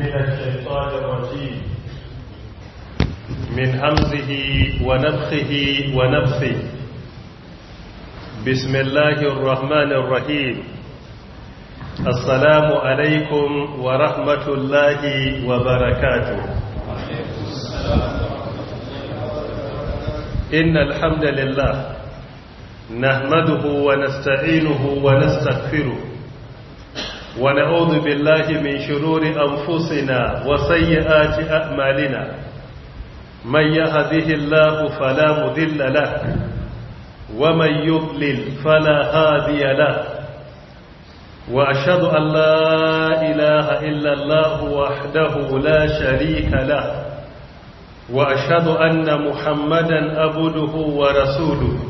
من الشيطان الرجيم من همزه ونفخه ونفثه بسم الله الرحمن الرحيم السلام عليكم ورحمة الله وبركاته إن الحمد لله نحمده ونستعينه ونستغفره ونعوذ بالله من شرور أنفسنا وسيئات أعمالنا من يهده الله فلا مذل له ومن يضلل فلا هادي له وأشهد أن لا إله إلا الله وحده لا شريك له وأشهد أن محمدا أبده ورسوله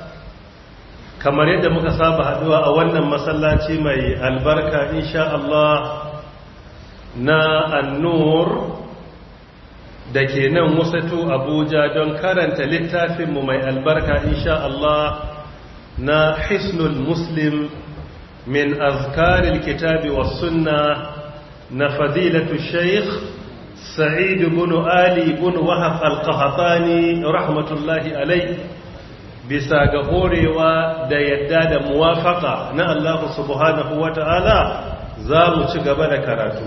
kamar yadda muka saba haduwa a wannan masallaci mai albarka insha Allah na annur da ke nan musatu abuja don karanta littafinmu mai albarka insha Allah na hisnul muslim min azkaril kitabi wa sunna na fadilatu sheikh Sa'idu bin ali bin wahab al rahmatullahi alayhi bisa ga horewa da yadda da muwafaka na Allah subhanahu ta'ala, za mu ci gaba da karatu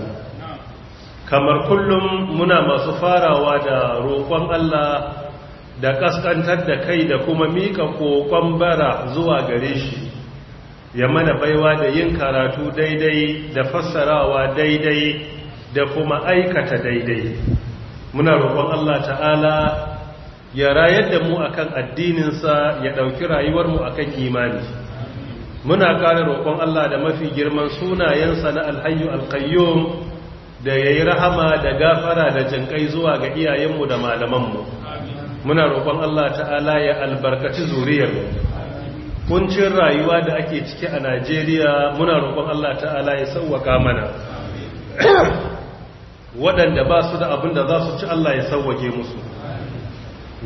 kamar kullum muna masu farawa da roƙon Allah da ƙasƙantar da kai da kuma miƙa ƙoƙon bara zuwa gare shi ya mana baiwa da yin karatu daidai da fassarawa daidai da kuma aikata daidai muna roƙon Allah ta'ala ya rayar da mu akan addininsa ya ɗauki rayuwar mu akan imani muna ƙara roƙon Allah da mafi girman sunayensa na alhayyu alqayyum da ya yi rahama da gafara da jinkai zuwa ga iyayenmu da malamanmu muna roƙon Allah ta'ala ya albarkaci zuriyar. kuncin rayuwa da ake ciki a najeriya muna roƙon allah ta'ala ya sauwaka mana waɗanda ba su da abin da za su ci allah ya sauwake musu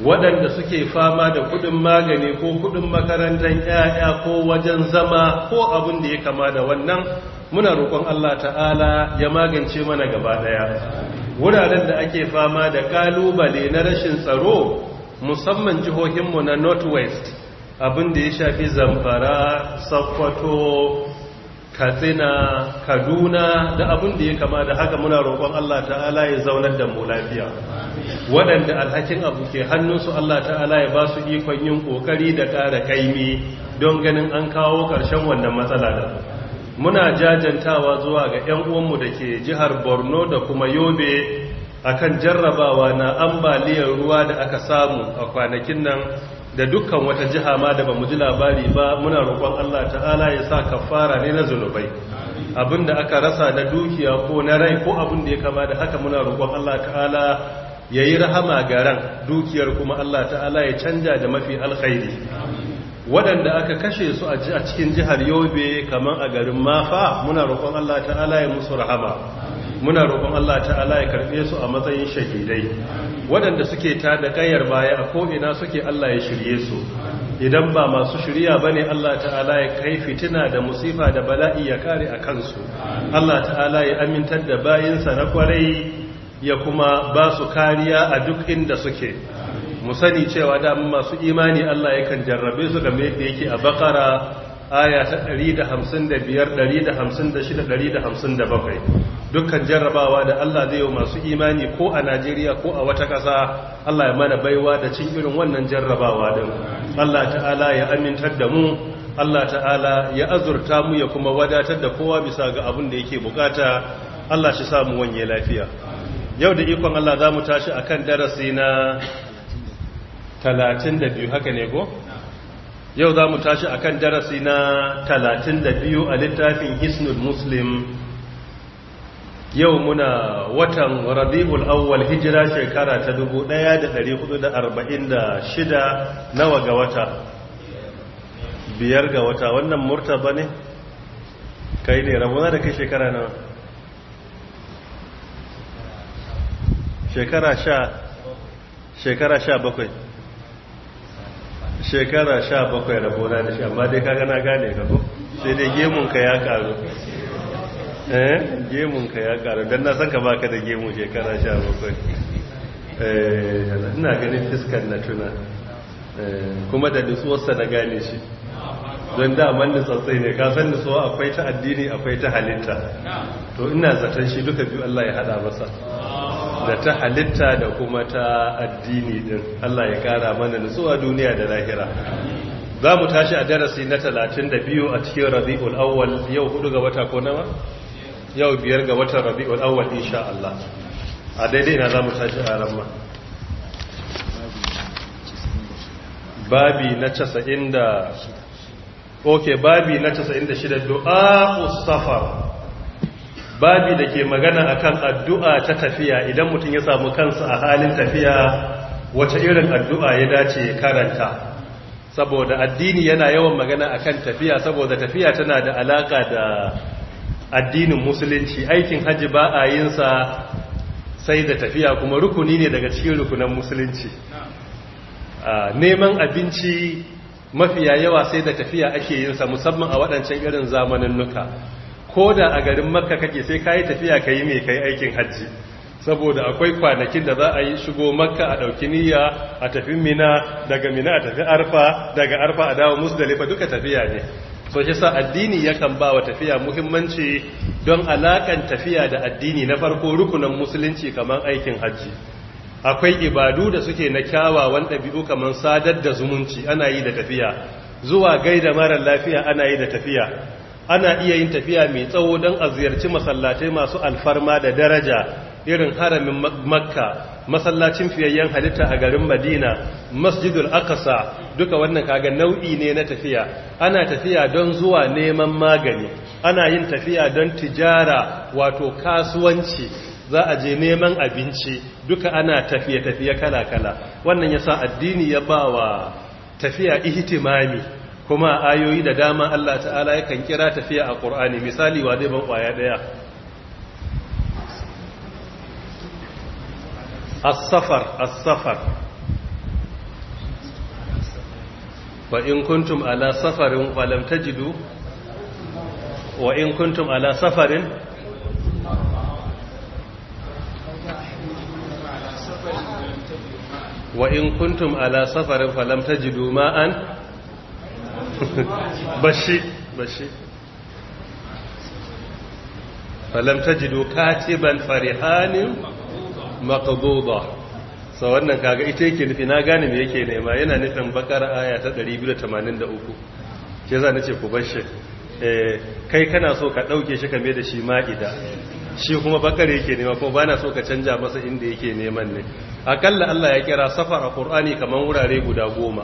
waɗanda suke fama da kuɗin magani ko kuɗin makarantar 'ya'ya ko wajen zama ko abin da ya kama da wannan muna roƙon Allah ta'ala ya magance mana gaba ɗaya wuraren da ake fama da ƙalubale na rashin tsaro musamman jihohinmu na northwest abin da ya shafi zamfara sakwato katsina kaduna da abin da ya kama da haka muna roƙon Allah ta'ala ya zaunar da mu lafiya waɗanda alhakin abu ke hannunsu Allah ta'ala ya ba su ikon yin ƙoƙari da ƙara kaimi don ganin an kawo ƙarshen wannan matsala da muna jajantawa zuwa ga 'yan uwanmu da ke jihar borno da kuma yobe akan jarrabawa na ambaliyar ruwa da aka samu a kwanakin nan da dukkan wata jiha ma da ba mu ji labari ba muna roƙon Allah ta'ala ya sa kafara ne na zunubai da aka rasa na dukiya ko na rai ko abin da ya kama da haka muna roƙon Allah ta'ala ya yi rahama ga ran dukiyar kuma Allah ta'ala ya canja da mafi alkhairi waɗanda aka kashe su a cikin jihar yobe kamar a garin mafa muna roƙon Allah ta'ala ya musu rahama muna roƙon Allah ta'ala ya karɓe su a matsayin shahidai waɗanda suke ta da ƙayar baya a ko'ina suke Allah ya shirye su idan ba masu shirya ba ne Allah ta'ala ya kai fitina da musifa da bala'i ya kare a kansu Allah ta'ala ya amintar da bayinsa na kwarai ya kuma ba su kariya a duk inda suke mu sani cewa da masu imani Allah kan jarrabe su game da yake a bakara aya ta 155 156 157 dukkan jarrabawa da Allah zai yi masu imani ko a Najeriya ko a wata ƙasa Allah ya mana baiwa da cin irin wannan jarrabawa din Allah ta'ala ya amintar da mu Allah ta'ala ya azurta mu ya kuma wadatar da kowa bisa ga abin da yake bukata Allah shi samu wanye lafiya yau da ikon Allah za mu tashi a kan darasi na 32 haka ne go yau za mu tashi akan darasi na 32 a littafin hisnul muslim yau muna watan rabi'ul awwal hijira shekara ta 1446 nawa ga wata biyar ga wata wannan murtaba ne kai ne rabona da kai shekara nawa shekara sha shekara sha bakwai shekara sha bakwai rabona da shi amma dai kaga na gane ka ko sai dai gemunka ya karu eh ka ya karu dan na san ka baka da gemu shekara 17 eh ina ganin fiskar na tuna eh, kuma da nutsuwarsa na gane shi don da nutsatsai ne ka san nutsuwa akwai ta addini akwai ta halitta to ina zaton shi duka biyu Allah ya hada masa da ta halitta da kuma ta addini din Allah ya kara mana nutsuwa duniya da lahira za mu tashi a darasi na 32 a cikin rabi'ul awwal yau hudu ga wata ko nawa yau biyar ga watan rabi'ul awwal insha Allah a daidai na zamu tashi a ramma babi na 90 okay babi na 96 du'a usafar. safar babi da ke magana akan addu'a ta tafiya idan mutum ya samu kansa a halin tafiya wace irin addu'a ya dace ya karanta saboda addini yana yawan magana akan tafiya saboda tafiya tana da alaka da addinin musulunci aikin hajji ba a yinsa sai da tafiya kuma rukuni ne daga cikin rukunan musulunci neman abinci mafiya yawa sai da tafiya ake yinsa musamman a waɗancan irin zamanin nuka ko da a garin makka kake sai ka yi tafiya ka kayi mai kai aikin hajji saboda akwai kwanakin da za a yi shigo makka a ɗauki niyya a tafi mina daga mina a tafi arfa daga arfa a dawo musdalifa duka tafiya ne so shi sa addini yakan ba wa tafiya muhimmanci don alakan tafiya da addini na farko rukunan musulunci kamar aikin hajji akwai ibadu da suke na kyawawan ɗabi'u kamar sadar da zumunci ana yi da tafiya zuwa gaida marar lafiya ana yi da tafiya ana iya yin tafiya mai tsawo don a ziyarci masallatai masu alfarma da daraja irin haramin makka masallacin fiyayyen halitta a garin madina masjidul akasa duka wannan kaga nau'i ne na tafiya ana tafiya don zuwa neman magani ana yin tafiya don tijara wato kasuwanci za a je neman abinci duka ana tafiye-tafiye kala-kala wannan yasa addini ya ba wa tafiya ihtimami kuma ayoyi da dama Allah ta'ala yakan kira tafiya a Qur'ani misali wa zai ban kwaya daya as-safar as-safar ala safarin falam tajidu wa in kuntum ala safarin wa ala safarin falam tajidu ma'an bashi katiban maqduda so wannan kaga ita yake nufi na gane me yake nema yana nufin bakara aya ta 283 ke za nace ku bar eh, kai kana so ka ɗauke shi kame da shi ma'ida shi kuma bakar yake nema ba bana so ka canja masa inda yake neman ne akalla Allah ya kira safar a Kur'ani kaman wurare guda goma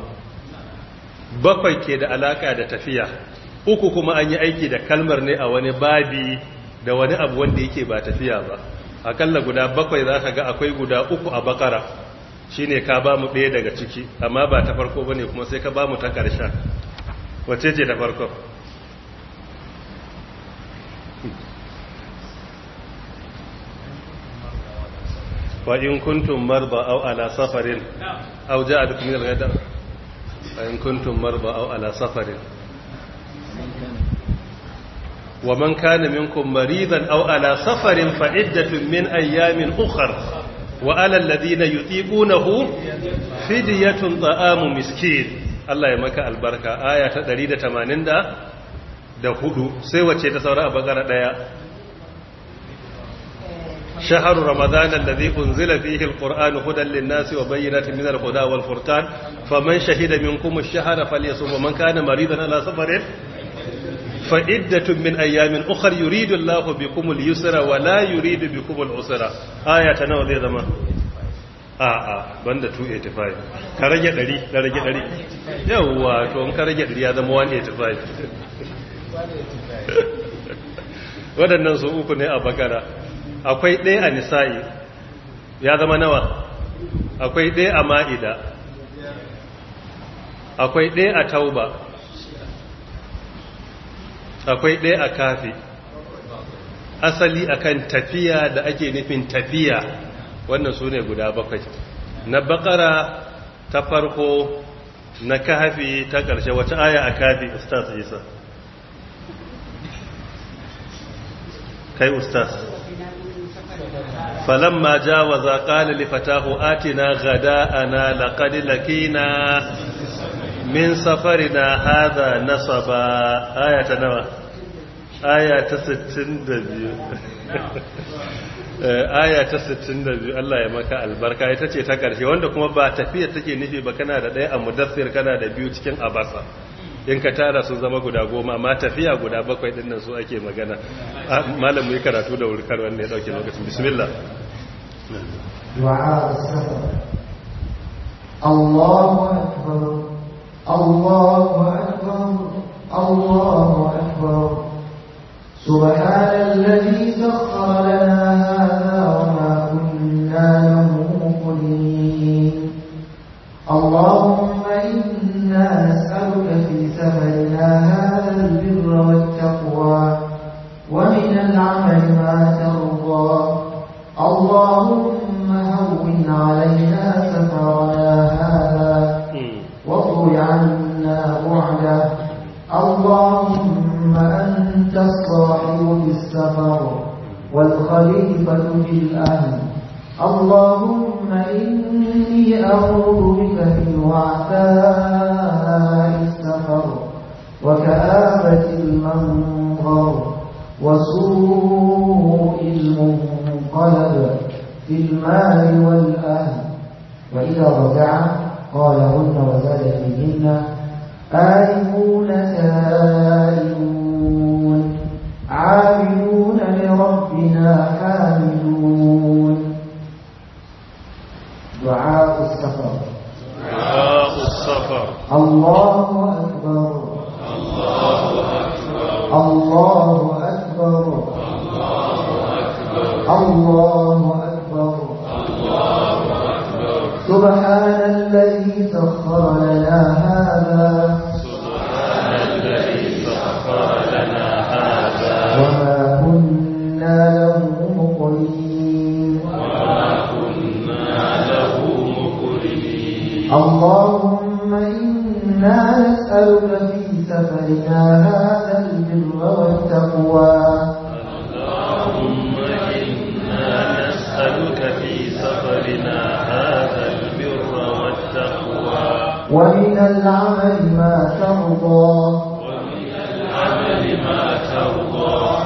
bakwai ke da alaka da tafiya uku kuma an yi aiki da kalmar ne a wani babi da wani abu wanda yake ba tafiya ba akalla guda bakwai za ka ga akwai guda uku a bakara shine ka ba mu ɗaya daga ciki amma ba ta farko ba ne kuma sai ka ba mu ta ƙarshen wace ce ta farko fa’in kuntun marba au ala safarin aw ja'alukum min al-ghadar wa in marba au ala safarin wa man minku minkum maridan aw ala safarin fa iddatun min ayyamin ukhra wa ala alladhina yutiqunahu fidyatun ta'amu miskin Allah ya maka albarka aya ta 180 da hudu sai wace ta saura a bakara daya شهر رمضان الذي أنزل فيه القرآن هدى للناس وبينات من الهدى والفرقان فمن شهد منكم الشهر فليصوم ومن كان مريضا على سفر fa iddatun min ayyamin ukhar yuridu Allahu bikumul yusra wa la yuridu bikumul usra aya ta nawa zai zama a a banda 285 ka rage 100 ka rage 100 yawa to in ka rage 100 ya zama 185 waɗannan su uku ne a bakara akwai ɗaya a nisa'i ya zama nawa akwai ɗaya a ma'ida akwai ɗaya a tauba akwai ɗaya a kafi asali akan tafiya da ake nufin tafiya wannan su ne guda bakwai na bakara ta farko na kafi ta ƙarshe wata aya a kafi ustaz isa kai ustaz ma jawaza qala li fatahu a na laƙadi lakina min safari na safarina na nasaba aya ta nawa aya ta 62 aya ta 62 Allah ya maka albarka ita ce ta ƙarshe. wanda kuma ba tafiya take nufi ba kana da ɗaya a mudassir kana da biyu cikin abasa in ka tara sun zama guda goma ma tafiya guda bakwai ɗin nan su ake magana ah, malamu yi karatu da wurkar wanda ya dauke lokacin bismillah du'a safar Allahu akbar الله أكبر الله أكبر سبحان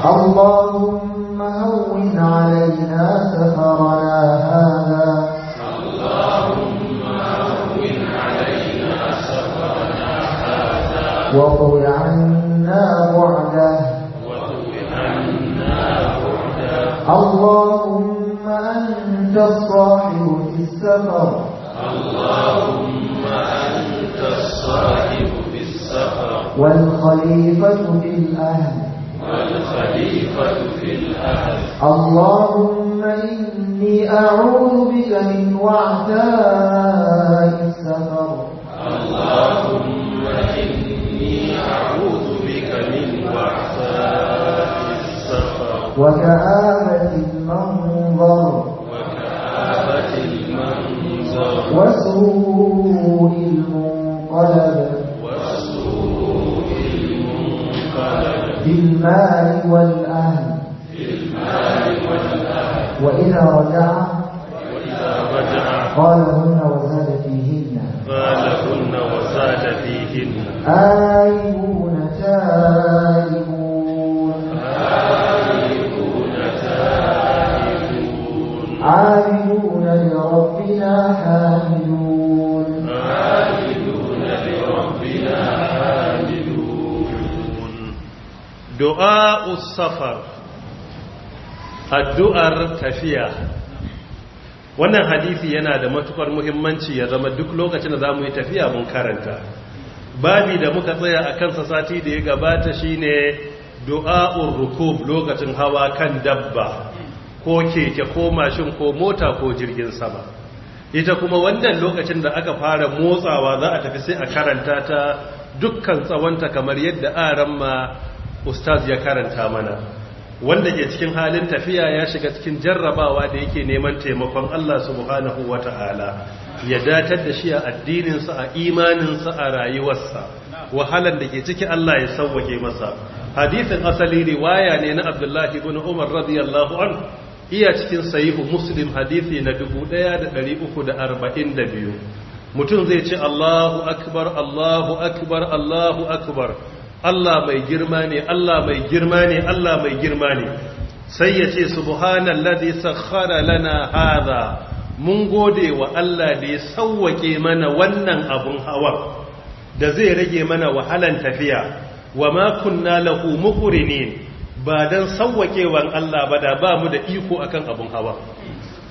اللهم هون علينا سفرنا هذا اللهم هون علينا سفرنا هذا وطل عنا بعده وطل عنا بعده اللهم أنت الصاحب في السفر اللهم أنت الصاحب في السفر والخليفة في الأرض Allah wannan hadisi yana da matukar muhimmanci ya zama duk lokacin da za mu yi tafiya mun karanta babi da muka tsaya a kansa sati da ya gabata shi ne du'a'ur rukub lokacin hawa kan dabba ko keke ko mashin ko mota ko jirgin sama ita kuma wannan lokacin da aka fara motsawa za a tafi sai a karanta ta dukkan tsawonta kamar yadda a ma ustaz ya karanta mana wanda ke cikin halin tafiya ya shiga cikin jarrabawa da yake neman taimakon Allah subhanahu wata'ala ya datar da shi a addininsa a imaninsa a rayuwarsa wahalar da ke ciki Allah ya sauwake masa hadisin asali riwaya ne na Abdullahi ibn Umar radiyallahu anhu iya cikin sahihu Muslim hadisi na 1342 mutum zai ce Allahu akbar Allahu akbar Allahu akbar Allah mai girma ne Allah mai girma ne Allah mai girma ne sai ya ce ladi sakara lana hadha mun gode wa Allah da ya sauwake mana wannan abun hawa da zai rage mana wahalan tafiya wa makon na lahu ne ba dan sauwakewan Allah ba da ba mu da iko akan abun hawa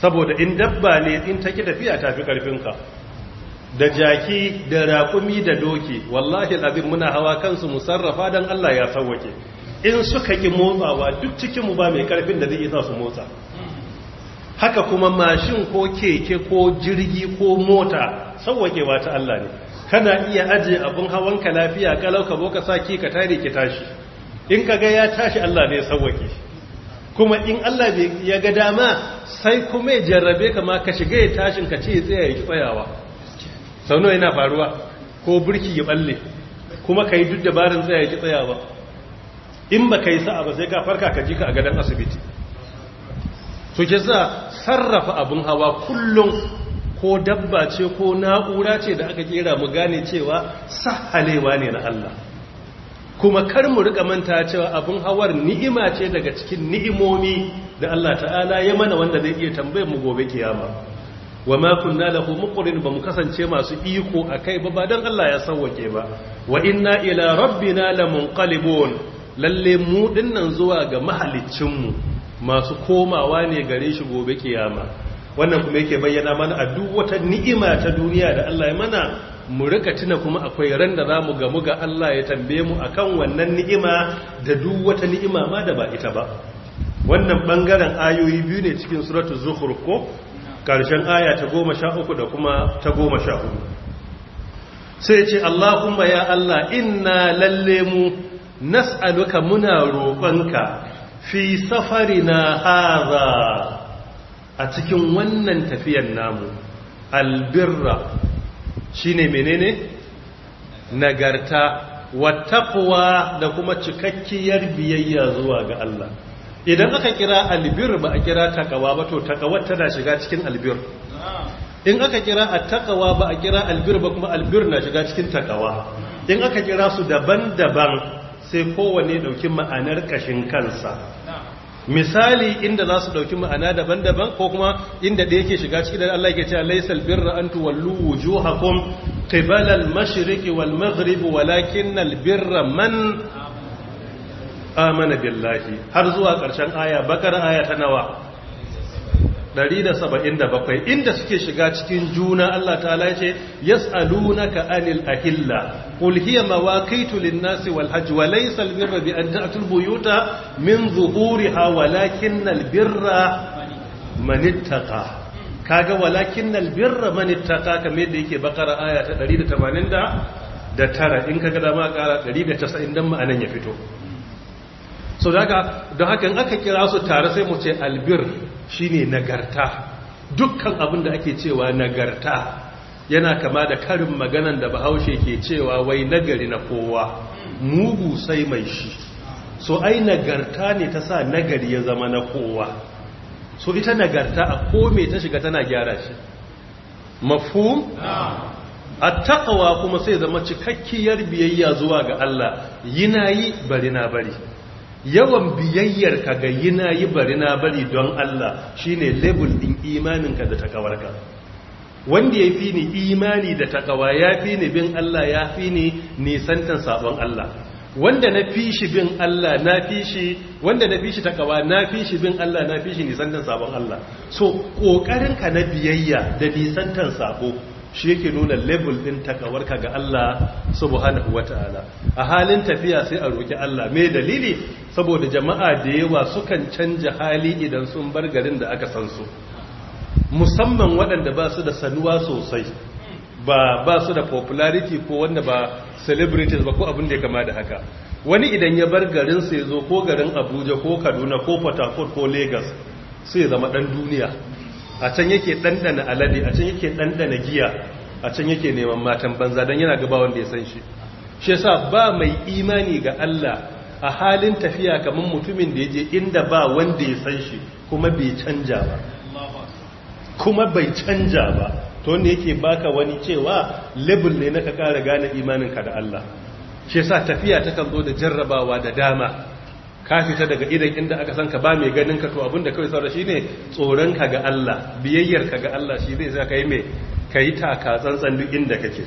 saboda in dabba ne in take tafiya tafi ƙarfinka. da jaki da raƙumi da doki wallahi abin muna hawa kansu musarrafa don Allah ya sauwake in suka ki motsawa duk cikinmu ba mai ƙarfin da zai isa su motsa haka kuma mashin ko keke ko jirgi ko mota sauwakewa ta Allah ne kana iya aje abin ka lafiya kalau ka boka sa ki ka tare ki tashi in ka ga ya tashi Allah ne ya sauwake kuma in Allah ya ga dama sai kuma ya jarrabe ka ma ka shiga ya tashin ka ce ya tsaya ya tsayawa sau nawa yana faruwa ko burki ya balle kuma ka yi duk dabarin tsaye ji tsaya ba in ba ka yi sa'a ba sai ka farka ka ji ka a gadon asibiti to ke sa sarrafa abin hawa kullum ko dabba ce ko na'ura ce da aka kera mu gane cewa sahalewa ne na Allah kuma kar mu rika manta cewa abin hawar ni'ima ce daga cikin ni'imomi da Allah ta'ala ya mana wanda zai iya tambayar mu gobe kiyama wa ma kunna lahu muqrin ba mu kasance masu iko akai ba ba dan Allah ya sawwake ba wa inna ila rabbina lamunqalibun lalle mu dinnan zuwa ga mahaliccin mu masu komawa ne gare shi gobe kiyama wannan kuma yake bayyana mana a duk wata ni'ima ta duniya da Allah ya mana mu rika tuna kuma akwai ran da zamu gamu ga Allah ya tambaye mu akan wannan ni'ima da duk wata ni'ima ma da ba ita ba wannan bangaren ayoyi biyu ne cikin suratul zukhruf ko ƙarshen aya ta goma sha uku da kuma ta goma sha uku sai ce Allahumma ya Allah inna lalle mu nas'aluka muna roƙonka fi na haza a cikin wannan tafiyan namu albirra shine menene nagarta wa taqwa da kuma cikakkiyar biyayya zuwa ga Allah idan aka kira albir ba a kira takawa ba to takawar tana shiga cikin albir in aka kira takawa ba a kira albir ba kuma albir na shiga cikin takawa in aka kira su daban-daban sai kowane dauki ma'anar kashin kansa misali inda za su ɗauki ma'ana daban-daban ko kuma inda da ke shiga cikin da Allah yake cewa laysal birra an tuwallu wujuhakum qibala al-mashriqi wal maghrib walakin al-birra man amana billahi har zuwa ƙarshen aya bakar aya ta nawa 177 inda suke shiga cikin juna Allah ta'ala ya ce yas'alunaka anil ahilla qul hiya mawaqitu lin-nasi wal hajj wa laysa al-birra bi an ta'tul buyuta min zuhuriha walakinnal birra man ittaqa kaga walakinnal birra man ittaqa kamar yadda yake bakara aya ta 189 in kaga dama ƙara 190 dan ma'anan ya fito so daga don haka in aka kira su tare sai mu ce albir shine nagarta dukkan abin da ake cewa nagarta yana kama da karin maganan da bahaushe ke cewa wai nagari na kowa mugu sai mai shi so ai nagarta ne ta sa nagari ya zama na kowa so ita nagarta a kome ta shiga tana gyara shi mafhum a takawa kuma sai zama cikakkiyar biyayya zuwa ga Allah yi na yi bari na bari yawan biyayyar ka ga yina yi bari na bari don Allah shine level din imaninka da takawarka wanda ya fi ni imani da takawa ya fi ni bin Allah ya fi ni nisantan sabon Allah wanda na fi shi bin Allah na fi shi wanda na fi shi takawa na fi shi bin Allah na fi shi nisantan sabon Allah so ka na biyayya da nisantan sabo shi yake nuna level din takawarka ga Allah subhanahu wataala a halin tafiya sai a roki Allah me dalili saboda jama'a da yawa sukan canja hali idan sun bar garin da aka san su musamman waɗanda ba su da sanuwa sosai ba ba su da popularity ko wanda ba celebrities ba ko abin da ya kama da haka wani idan ya bar garin sai zo ko garin Abuja ko Kaduna ko Port Harcourt ko Lagos sai zama dan duniya a can yake ɗanɗana alade a can yake ɗanɗana giya a can yake neman matan banza don yana gaba wanda ya san shi shi yasa ba mai imani ga Allah a halin tafiya kamar mutumin da ya je inda ba wanda ya san shi kuma bai canja ba kuma bai canja ba to wanda yake baka wani cewa label ne na ka kara gane imanin ka da Allah shi yasa tafiya takan zo da jarrabawa da dama ka fita daga idan inda aka san ka ba mai ganin ka to abinda kawai saura shine tsoron ka ga Allah biyayyar ka ga Allah shi zai sa kai mai kai taka tsantsan duk inda kake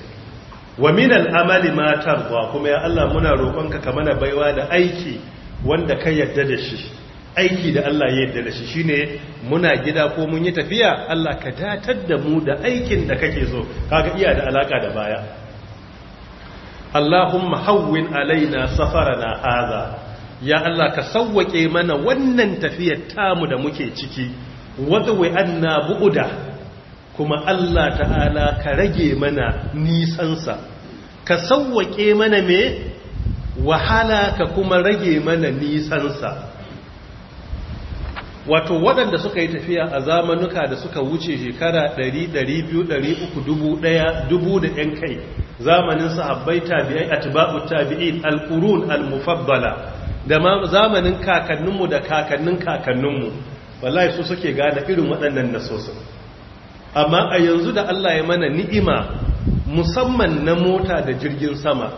wa min al-amali ma tarwa kuma ya Allah muna roƙon ka ka mana baiwa da aiki wanda ka yadda da shi aiki da Allah ya yadda da shi shine muna gida ko mun yi tafiya Allah ka datar da mu da aikin da kake so kaga iya da alaka da baya Allahumma hawwin alaina safarana hadha ya Allah ka sauwake mana wannan tafiyar mu da muke ciki wadda wai na bu'uda kuma Allah ta'ala ka rage mana nisansa ka sauwake mana me wahala ka kuma rage mana nisansa wato waɗanda suka yi tafiya a zamanuka da suka wuce shekara dubu da 'yan kai zamanin sahabbai tabi'ai atba'u tabi'in al-qurun al mufabbala da zamanin kakanninmu da kakannin kakanninmu wallahi su suke gane irin waɗannan nasosin amma a yanzu da Allah ya mana ni'ima musamman na mota da jirgin sama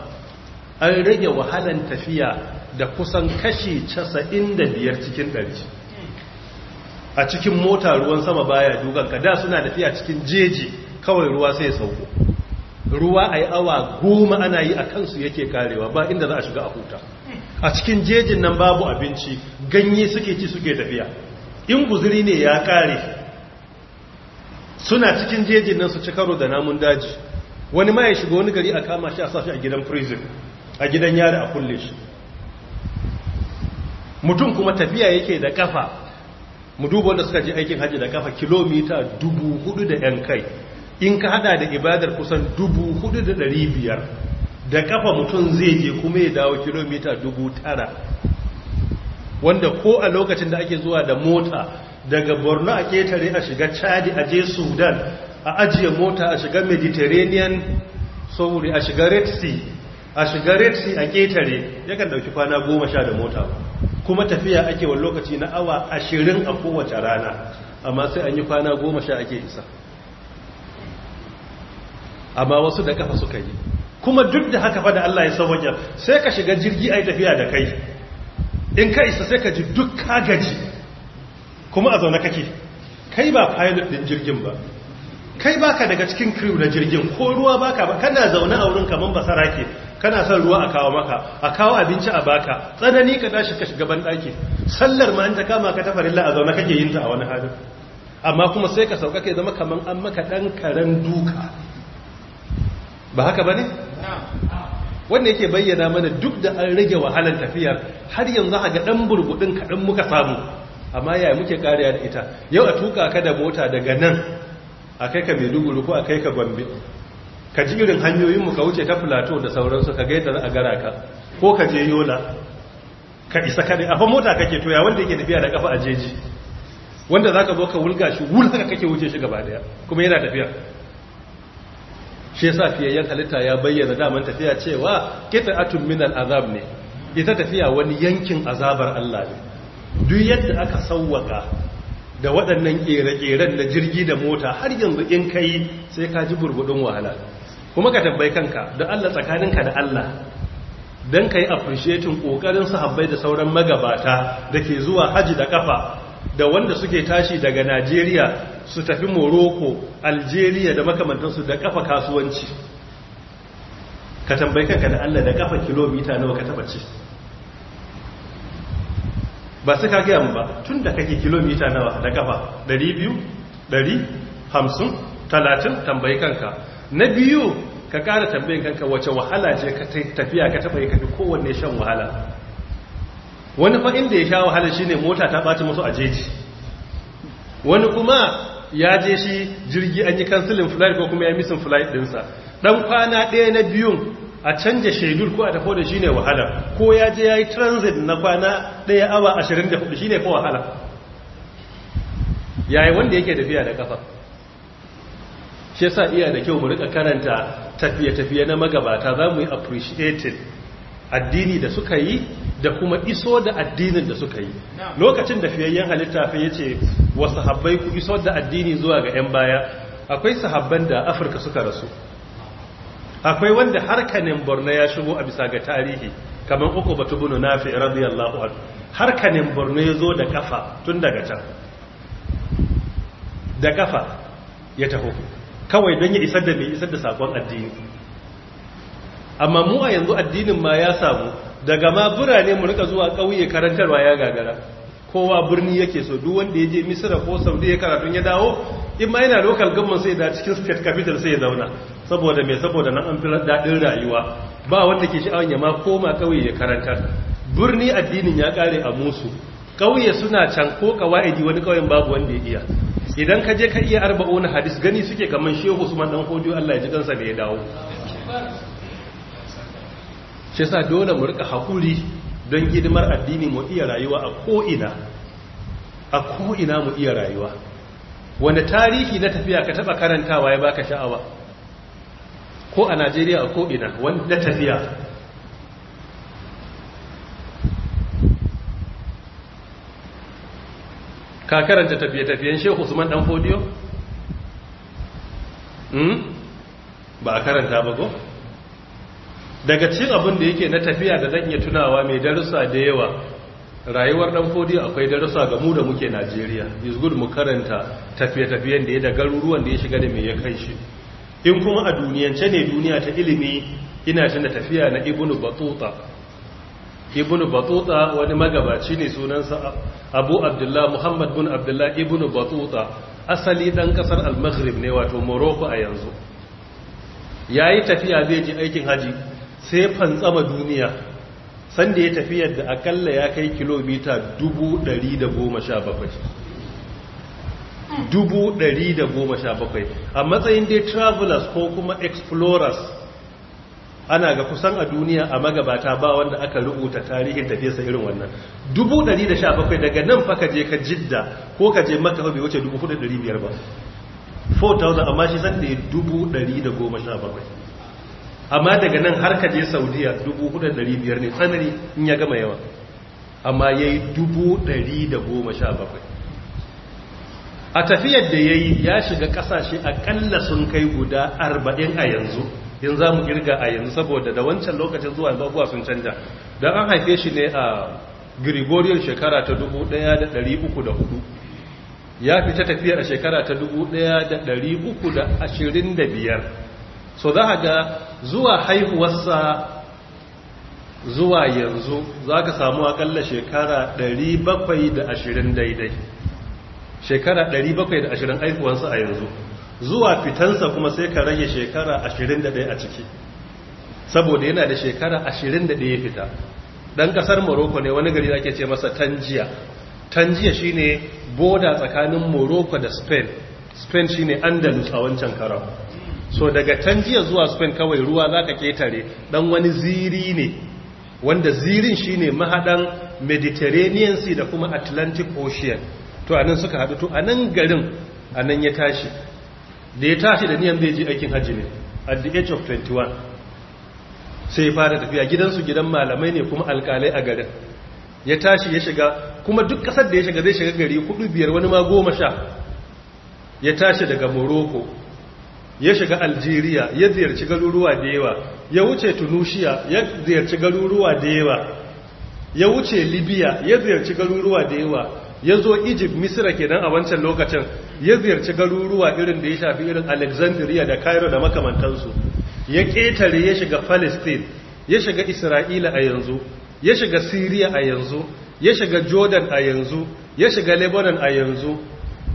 an rage wahalan tafiya da kusan kashi 95 cikin 100 a cikin mota ruwan sama baya dukan ka da suna tafiya cikin jeji kawai ruwa sai sauko ruwa a awa goma ana yi a kansu yake karewa ba inda za a shiga a huta a cikin jejin nan babu abinci ganye suke ci suke tafiya in guziri ne ya kare suna cikin jejin nan su ci karo da namun daji wani ma ya shiga wani gari a kama shi a safi a gidan prison a gidan yari a kulle shi mutum kuma tafiya yake da kafa mu duba wanda suka je aikin hajji da kafa kilomita dubu hudu da yan kai in ka hada da ibadar kusan dubu hudu da dari biyar da kafa mutum zai je kuma ya dawo kilomita dubu tara wanda ko a lokacin da ake zuwa da mota daga borno a ketare a shiga chadi a je sudan a ajiye mota a shiga mediterranean sauri a shiga red sea a shiga red sea a ketare yakan dauki kwana goma sha da mota kuma tafiya ake wani lokaci na awa ashirin a kowace rana amma sai an yi kwana goma sha ake isa amma wasu da kafa suka yi kuma duk da haka fada da Allah ya sauwaƙe sai ka shiga jirgi ai tafiya da kai in ka isa sai ka ji duk ka gaji kuma a zaune kake kai ba pilot din jirgin ba kai baka daga cikin crew na jirgin ko ruwa baka ba kana zaune a wurin kaman basara ke kana son ruwa a kawo maka a kawo abinci a baka tsanani ka tashi ka shiga banɗaki sallar ma an ta kama ka tafarilla a zaune kake yin ta a wani halin amma kuma sai ka sauka ke zama kamar an maka ɗan karen duka ba haka ba ne wanda yake bayyana mana duk da an rage wahalar tafiyar har yanzu a ga ɗan burgudin kaɗan muka samu amma yaya muke kariya da ita yau a tuka ka da mota daga nan a kai ka maiduguri ko a kai ka gombe ka ji irin hanyoyinmu ka wuce ta plateau da sauransu ka gaita a gara ka ko ka je yola ka isa ka a fa mota kake toya wanda yake tafiya da kafa a jeji wanda zaka zo ka wulga shi wulga kake wuce shi gaba daya kuma yana tafiya shi yasa fiyayyen halitta ya bayyana daman tafiya cewa qita'atun min azab ne ita tafiya wani yankin azabar Allah ne duk yadda aka sawwaka da waɗannan ƙere-ƙeren na jirgi da mota har yanzu in kai sai ka ji burgudun wahala kuma ka tabbai kanka da Allah tsakaninka da Allah dan ka yi appreciating ƙoƙarin sahabbai da sauran magabata da ke zuwa haji da kafa da wanda suke tashi daga Najeriya su tafi morocco algeria da makamantansu da kafa kasuwanci ka tambayi kanka da allah da kafa kilomita nawa ka taba ce ba su kage mu ba tun da kake kilomita nawa da kafa 200 150 30 tambayi kanka na biyu ka kara tambayin kanka wace wahala ce ka tafiya ka taba yi kowanne shan wahala wani fa inda ya sha wahala shine mota ta bata musu a jeji wani kuma ya je shi jirgi an yi kansilin flight ko kuma ya misin flight dinsa dan kwana ɗaya na biyun a canja shaidul ko a tafo da shi ne wahala ko ya je ya yi transit na kwana ɗaya awa ashirin da hudu shi ne ko wahala yayi wanda yake tafiya da kafa shi yasa iya da kyau mu rika karanta tafiye-tafiye na magabata za mu yi appreciated addini da suka yi da kuma iso da addinin da suka yi lokacin da fiyayyen halitta ya ce wa sahabbai ku iso da addini zuwa ga yan baya akwai sahabban da Afirka suka rasu akwai wanda harkanin Borno ya shigo a bisa ga tarihi kamar uku batu bunu na fi radiyallahu anhu harkanin Borno ya zo da kafa tun daga can da kafa ya taho kawai don ya isar da mai isar da sakon addini amma mu a yanzu addinin ma ya samu daga ma birane mu rika zuwa ƙauye karantarwa ya gagara kowa birni yake so duk wanda ya je misira ko saudi ya karatu ya dawo in ma yana local government sai da cikin state capital sai ya zauna saboda mai saboda nan an fi daɗin rayuwa ba wanda ke sha'awar ya ma koma kauye ya karantar birni addinin ya kare a musu ƙauye suna can ko ƙawa'idi wani kauyen babu wanda ya iya idan ka je ka iya arba'una hadis gani suke kamar shehu usman dan Hojo Allah ya ji kansa da ya dawo shi sa dole mu rika haƙuri don gidimar addini mu iya rayuwa a ko'ina a ko'ina mu iya rayuwa wanda tarihi na tafiya ka taɓa karantawa ya baka sha'awa ko a najeriya a ko'ina wanda tafiya ka karanta tafiye-tafiyen shehu usman dan fodiyo? Hmm? ba a karanta ba ko? daga cin abin da yake na tafiya da zan iya tunawa mai darussa da yawa rayuwar dan fodi akwai darussa ga mu da muke Najeriya is good mu karanta tafiye-tafiyen da ya da garuruwan da ya shiga da mai ya kai shi in kuma a duniyance ne duniya ta ilimi ina tunda tafiya na Ibnu batuta Ibnu batuta wani magabaci ne sunansa Abu Abdullah Muhammad bin Abdullah Ibnu batuta asali dan kasar Al-Maghrib ne wato Morocco a yanzu yayi tafiya zai je aikin haji sai fantsama duniya sanda ya tafi yadda akalla ya kai kilomita 117 a matsayin dai travelers ko kuma explorers ana ga kusan a duniya a magabata ba wanda aka rubuta tarihin tafiyarsa irin wannan 117 daga nan fa ka je ka jidda ko ka je maka bai wuce 4500 ba 4000 amma shi sanda ya 117 amma daga nan har ka je saudiya 4,500 ne tsanani in ya gama yawa amma ya yi 117 a tafiyar da ya yi ya shiga kasashe akalla sun kai guda 40 a yanzu yin za mu girga a yanzu saboda da wancan lokacin zuwa abubuwa sun canja don an haife shi ne a gregorian shekara ta 1304 ya fita tafiya a shekara ta 1325 so za a ga zuwa haihuwarsa zuwa yanzu za ka samu akalla shekara 720 daidai shekara 720 haihuwarsa a yanzu zuwa fitansa kuma sai ka rage shekara 21 a ciki saboda yana da shekara 21 ya fita dan kasar morocco ne wani gari ake ce masa tangiya tangiya shine boda tsakanin morocco da spain spain shine andalus a wancan karan so daga can jiya zuwa spain kawai ruwa za ka ketare dan wani ziri ne wanda zirin ne mahadan mediterranean sea da kuma atlantic ocean to anan suka hadu to anan garin anan ya tashi da ya tashi da niyan beji aikin hajji ne at the age of 21 sai ya fara tafiya gidansu gidan malamai ne kuma alkalai a garin ya tashi ya shiga kuma duk kasar da ya shiga zai shiga gari 4 biyar wani ma goma sha ya tashi daga morocco ya shiga algeria ya ziyarci garuruwa da yawa ya wuce tunisia ya ziyarci garuruwa da yawa ya wuce libya ya ziyarci garuruwa da yawa ya zo egypt misira kenan a wancan lokacin ya ziyarci garuruwa irin da ya shafi irin alexandria da cairo da makamantansu ya ƙetare ya shiga palestine ya shiga isra'ila a yanzu ya shiga syria a yanzu ya shiga jordan a yanzu ya shiga lebanon a yanzu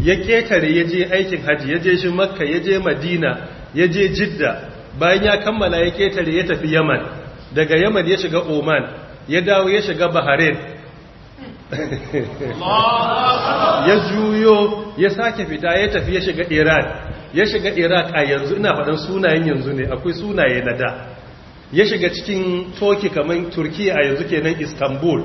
ya ketare ya je aikin hajji ya je shi makka ya je madina ya je jidda bayan ya kammala ya ketare ya tafi yaman daga yaman ya shiga oman ya dawo ya shiga bahrain ya juyo ya sake fita ya tafi ya shiga iran ya shiga iraq a yanzu ina faɗin sunayen yanzu ne akwai sunaye na da ya shiga cikin toki kamar turkiya a yanzu kenan istanbul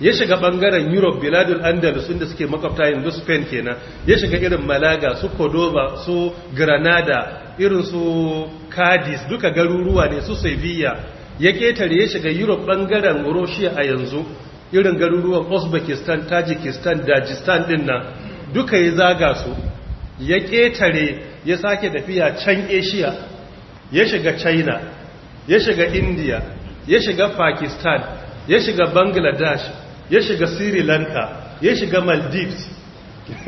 ya shiga bangaren europe biladul andalus inda suke makwabta yanzu spain kenan ya shiga irin malaga su cordoba su granada irin su cadiz duka garuruwa ne su sevilla ya ketare ya shiga europe bangaren russia a yanzu irin garuruwan uzbekistan tajikistan dajistan din nan duka ya zaga su ya ketare ya sake tafiya can asia ya shiga china ya shiga india ya shiga pakistan ya shiga bangladesh ya shiga sri lanka ya shiga maldives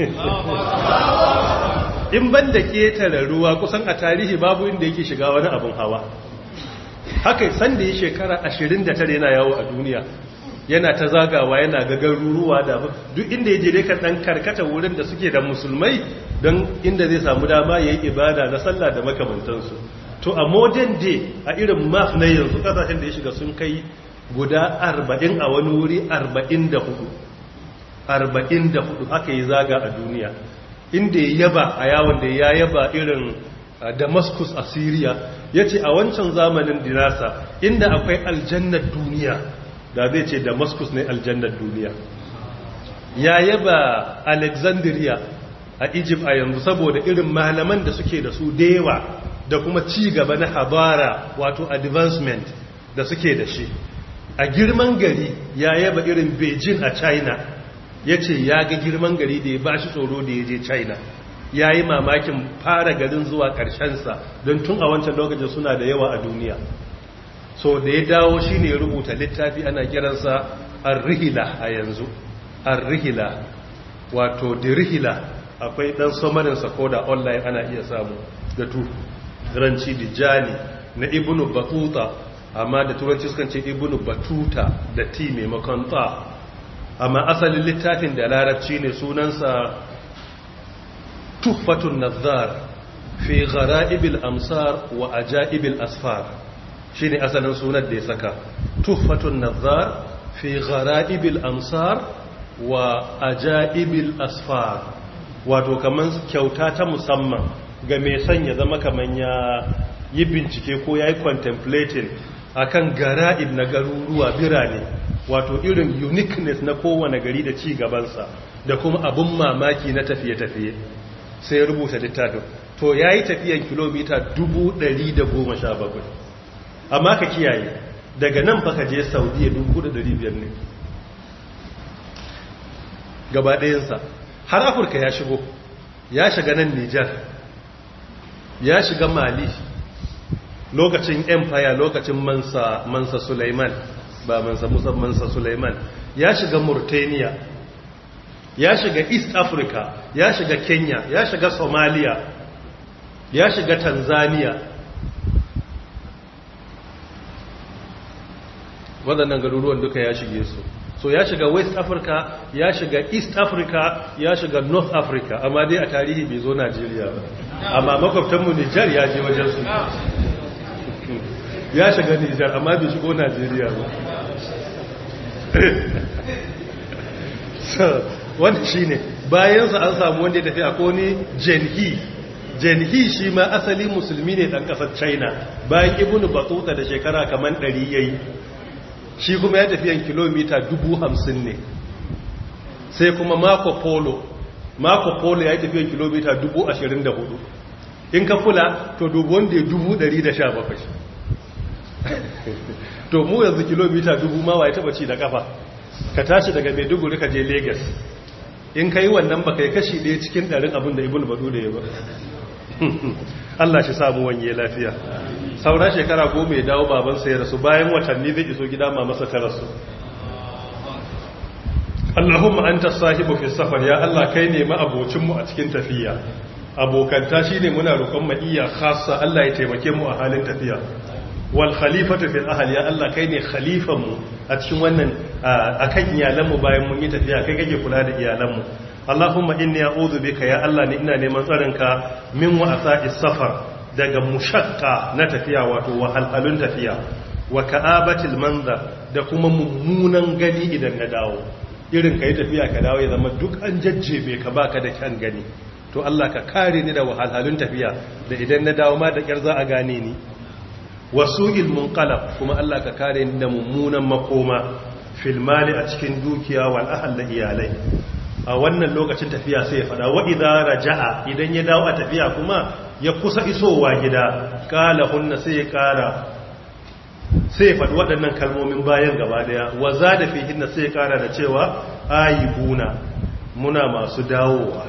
in ban da ketare ruwa kusan a tarihi babu inda yake shiga wani abin hawa haka sanda ya shekara 29 yana yawo a duniya yana ta zagawa yana gagar ruruwa da duk inda ya je ka dan karkata wurin da suke da musulmai don inda zai samu dama ya yi ibada na sallah da makamantansu to a modern day a irin maf na yanzu kasashen da ya shiga sun kai guda arba'in a wani wuri arba'in da hudu arba'in da hudu haka yi zaga a duniya inda ya yaba a yawon da ya yaba irin damascus a syria ya ce a wancan zamanin dinasa inda akwai aljannar duniya da zai ce damascus ne aljannar duniya ya yaba alexandria a egypt a yanzu saboda irin malaman da suke da su dewa da kuma ci gaba na habara wato advancement da suke da shi a girman gari ya yaba irin beijing a china ya ce ya ga girman gari da ya ba shi tsoro da ya je china ya yi mamakin fara garin zuwa sa don tun a wancan lokacin suna da yawa a duniya so da ya dawo shi ne rubuta littafi ana kiransa rihila a yanzu arrihila wato dirihila akwai dan samarinsa ko da online ana iya samu da turanci dijani na ibnu batuta amma da turanci sukan ce ibnu batuta da ti maimakon ta amma asalin littafin da larabci ne sunansa tuffatun nazar fi ghara'ibil amsar wa ajaibil asfar shine asalin sunan da ya saka tuffatun nazar fi ghara'ibil amsar wa ajaibil asfar wato kaman kyauta ta musamman ga mai son ya zama kaman ya yi bincike ko ya yi contemplating akan gara'id na garuruwa birane wato irin uniqueness na kowane gari da ci gabansa da kuma abun mamaki na tafiye-tafiye sai rubuta littafin to yayi tafiyan kilomita 117 amma ka kiyaye daga nan baka je saudiya 1500 ne gaba ɗayansa har afirka ya shigo ya shiga nan nijar ya shiga mali lokacin empire lokacin mansa mansa Sulaiman ba mansa Musa mansa Sulaiman ya shiga Mauritania ya shiga East Africa ya shiga Kenya ya shiga Somalia ya shiga Tanzania waɗannan garuruwan duka ya shige su so ya shiga west africa ya shiga east africa ya shiga north africa amma dai a tarihi bai zo najeriya ba amma makwabtanmu nijar ya je wajen su ya shiga nijar amma bai shigo najeriya ba wanda shi ne bayansa an samu wanda ya tafi a koni jenhi jenhi shi ma asali musulmi ne ɗan ƙasar china bayan ibn batuta da shekara kamar 100 yayi shi kuma ya tafiyan kilomita 50,000 ne sai kuma Mako polo mako polo ya yi tafiyan kilomita 24,000 in ka kula to dubu wanda ya 1,117 to mu yanzu kilomita dubu ma wa ya taba ci da kafa ka tashi daga maiduguri ka je Legas. in ka yi wannan ba kai kashi ɗaya cikin ɗarin abin da ibn badu da ya ba Allah shi samu wanye lafiya sauran shekara goma ya dawo babansa ya rasu bayan watanni zai iso gida ma masa ta rasu Allahumma anta sahibu fi safar ya Allah kai ne abocin mu a cikin tafiya abokanta shine muna roƙon ma iya khassa Allah ya taimake mu a halin tafiya wal khalifatu fil ahli ya Allah kai ne khalifan mu a cikin wannan akan iyalan mu bayan mun yi tafiya kai kake kula da iyalan mu Allahumma inni a'udhu bika ya Allah ni ina neman tsarinka min wa'asa safar daga mushaqqa na tafiya wato wahalhalun tafiya wa ka'abatil manzar da kuma mummunan gani idan na dawo irin kai tafiya ka dawo ya zama duk an jajjebe ka baka da kyan gani to Allah ka kare ni da wahalhalun tafiya da idan na dawo ma da kyar za a gane ni Wasu ilmun munqalab kuma Allah ka kare ni da mummunan makoma fil mali a cikin dukiya wal iyalai a wannan lokacin tafiya sai ya fada wa idza raja'a idan ya dawo a tafiya kuma ya kusa isowa gida qala hunna sai ya kara sai ya fadi waɗannan kalmomin bayan gaba daya wa zada fi hinna sai ya kara da cewa ayibuna muna masu dawowa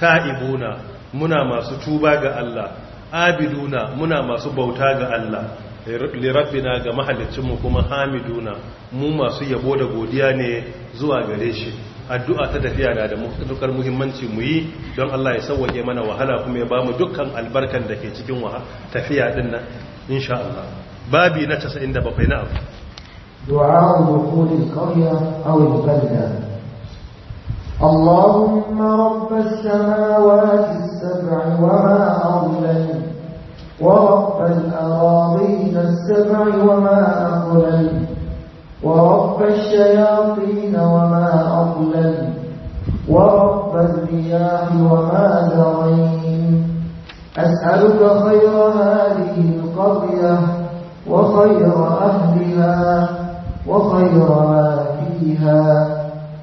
ta'ibuna muna masu tuba ga Allah abiduna muna masu bauta ga Allah lirabbina ga mahallicinmu kuma hamiduna mu masu yabo da godiya ne zuwa gare shi addu'a ta tafiya na da dukkan muhimmanci mu yi don Allah ya sauwake mana wahala kuma ya ba mu dukkan albarkan da ke cikin tafiya din nan insha Allah babi na 97 na abu du'a dukhulil qarya aw al-balda اللهم رب ورب الأراضين السبع وما أضلل ورب الشياطين وما أضلل ورب الرياح وما زرين أسألك خير هذه القرية وخير أهلها وخير ما فيها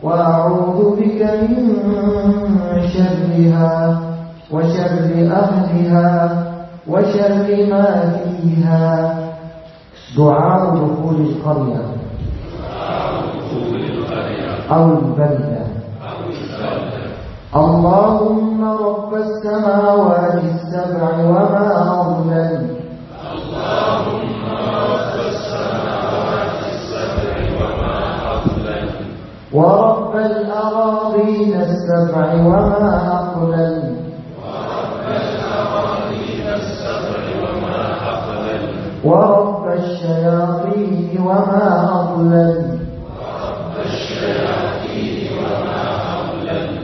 وأعوذ بك من شرها وشر أهلها وشر ما فيها دعاء دخول القرية أو البلدة اللهم رب السماوات السبع وما أضلل اللهم رب السماوات السبع وما أضلل ورب الأراضين السبع وما أقلل ورب الشياطين وما أضلل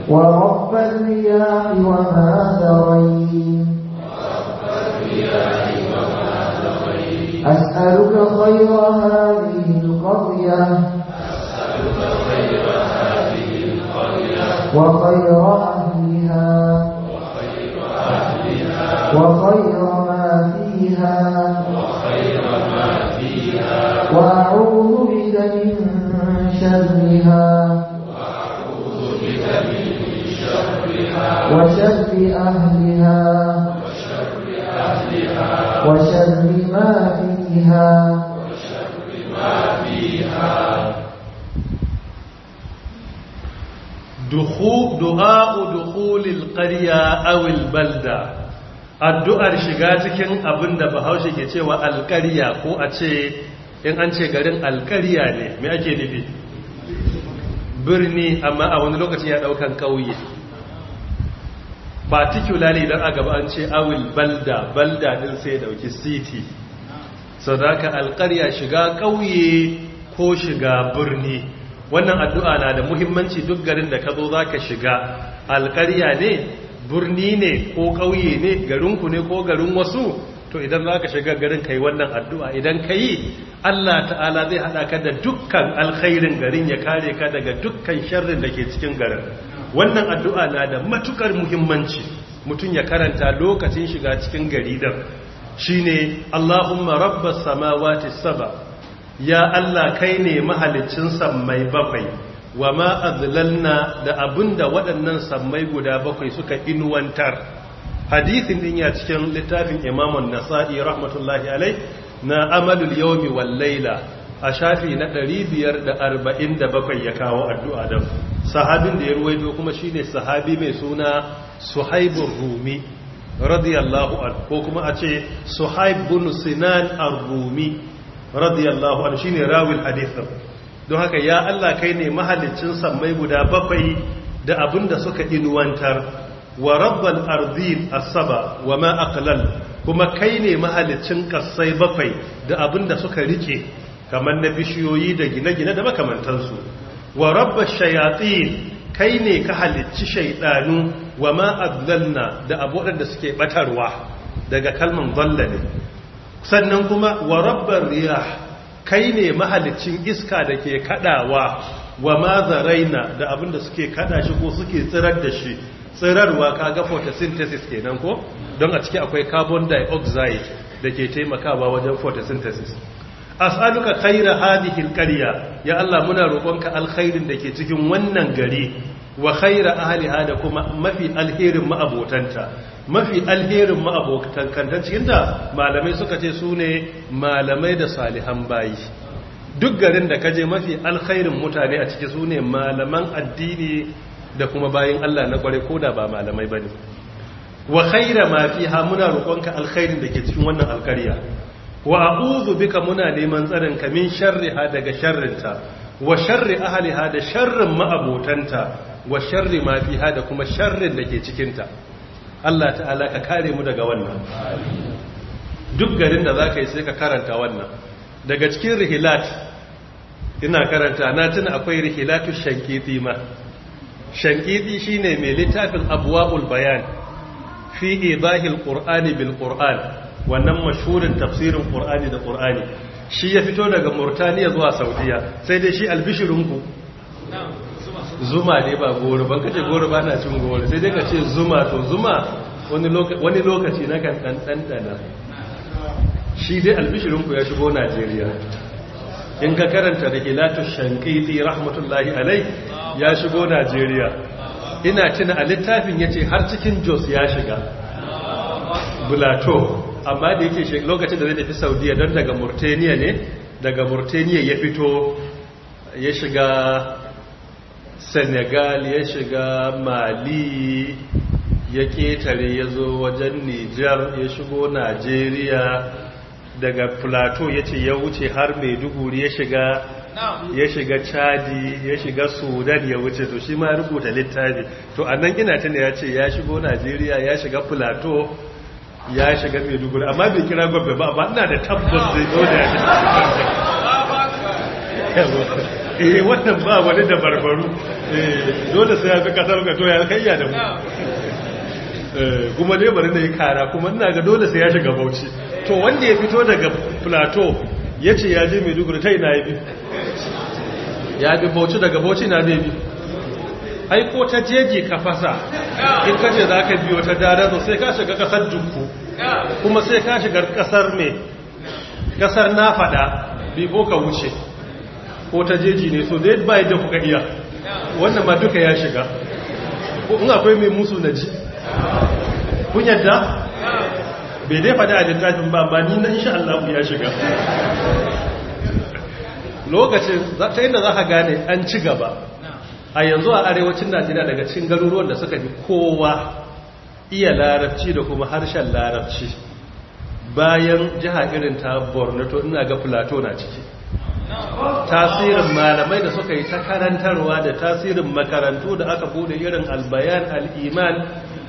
ورب الرياح وما ذرين أسألك خير هذه القرية وخير أهلها وخير وشر أهلها وشر ما فيها دخول دعاء دخول القرية أو البلدة addu'ar shiga cikin abin da bahaushe ke cewa alkariya ko a ce in an ce garin alkariya ne mai ake nufi birni amma a wani lokaci ya daukan ƙauye particularly idan a gaba an ce awil balda balda din sai dauki city so sadaka alqarya shiga kauye ko shiga birni wannan addu'a na da muhimmanci duk garin da ka zo zaka shiga alqarya ne birni ne ko kauye ne garinku ne ko garin wasu to idan zaka shiga garin kai wannan addu'a idan kai Allah ta'ala zai haɗa ka da dukkan alkhairin garin ya kare ka daga dukkan sharrin da ke cikin garin wannan addu'a na da matukar muhimmanci mutum ya karanta lokacin shiga cikin gari dan ne Allahumma rabbas ta saba ya Allah kai ne mahalicin samai bakwai wa ma azlalna da abinda waɗannan sammai guda bakwai suka inuwantar hadisin din ya cikin littafin imamun nasai rahmatullahi alai na amalul yaumi wal a shafi na 547 ya kawo addu'a da sahabin da ya ruwaito kuma shi ne sahabi mai suna suhaibun rumi radiyallahu an ko kuma a ce suhaibun sinan ar-rumi radiyallahu an ne rawil hadithin don haka ya Allah kai ne mahallicin sammai guda bakwai da abin da suka inuwantar wa rabbal ardil asaba wa ma kuma kai ne mahallicin kasai bakwai da abin da suka rike kamar na bishiyoyi da gine-gine da makamantansu wa rabba shayatin kai ne ka halicci shaidanu wa ma adzalna da abu da suke batarwa daga kalman zalla sannan kuma wa rabban riyah kai ne mahaliccin iska da ke kadawa wa ma zaraina da abin da suke kada shi ko suke tsirar da shi tsirarwa kaga photosynthesis kenan ko don a ciki akwai carbon dioxide da ke taimakawa wajen photosynthesis as'aluka khayra hadhihi alqarya ya Allah muna roƙonka alkhairin da ke cikin wannan gari wa khayra ahliha da kuma mafi alherin ma'abotanta mafi alherin ma'abotan kanta cikin da malamai suka ce sune malamai da salihan bayi duk garin da kaje mafi alkhairin mutane a ciki sune malaman addini da kuma bayin Allah na kware koda ba malamai bane wa khaira ma fiha muna roƙonka alkhairin da ke cikin wannan alƙarya wa a'udhu bika muna neman tsarin ka min sharriha daga sharrinta wa sharri ahliha da sharrin ma'abotanta wa sharri ma fiha da kuma sharrin da ke cikinta Allah ta'ala ka kare mu daga wannan duk garin da zaka yi sai ka karanta wannan daga cikin rihilat ina karanta na tuna akwai rihilatu shankiti ma shankiti shine mai littafin abwaul bayan fi idahil qur'ani bil wannan mashhurin tafsirin qur'ani da qur'ani shi ya fito daga murtaniya zuwa saudiya sai dai shi albishirinku zuma ne ba goro ban kace goro ba na cin goro sai dai ka ce zuma to zuma wani lokaci na kan ɗanɗana shi dai albishirinku ya shigo najeriya in ka karanta da Ilatu shankiti rahmatullahi alai ya shigo najeriya ina tuna a littafin ya ce har cikin jos ya shiga bulato amma da yake lokacin da zai tafi saudiya don daga murtaniya ne daga murtaniya ya fito ya shiga senegal ya shiga mali ya ketare ya zo wajen nijar ya shigo najeriya daga plateau ya ce ya wuce har maiduguri ya shiga ya shiga chadi ya shiga sudan ya wuce to shi ma rubuta littafi to a nan ina tana ya ce ya shigo najeriya ya shiga plateau ya shiga maiduguri amma bai kira gombe ba ba ina da tabbas zai zo da eh wannan ba wani da barbaru eh, dole sai ya fi kasar ga to ya kayya da mu eh, kuma dai bari na yi kara kuma ina ga dole sai ya shiga bauchi to wanda ya fito daga plateau ya ce ya je maiduguri ta ina ya bi ya bi bauchi daga bauchi na bebi bi ai ko ta jeji ka fasa in ka ce za ka biyo ta to sai ka shiga kasar jukku kuma sai ka shiga kasar mai kasar na fada bifo ka wuce ko ta jeji ne so zai ba yadda kuka iya wannan ba duka ya shiga ko in akwai mai musu na ji kun yadda bai dai fada a littafin ba ba ni na insha Allah ya shiga lokacin ta inda za ka gane an ci gaba a yanzu a arewacin najeriya daga cikin garuruwan da suka fi kowa iya larabci da kuma harshen larabci bayan jiha irin ta borno ina ga plateau na ciki tasirin malamai da suka yi ta karantarwa da tasirin makarantu da aka bude irin albayan al'iman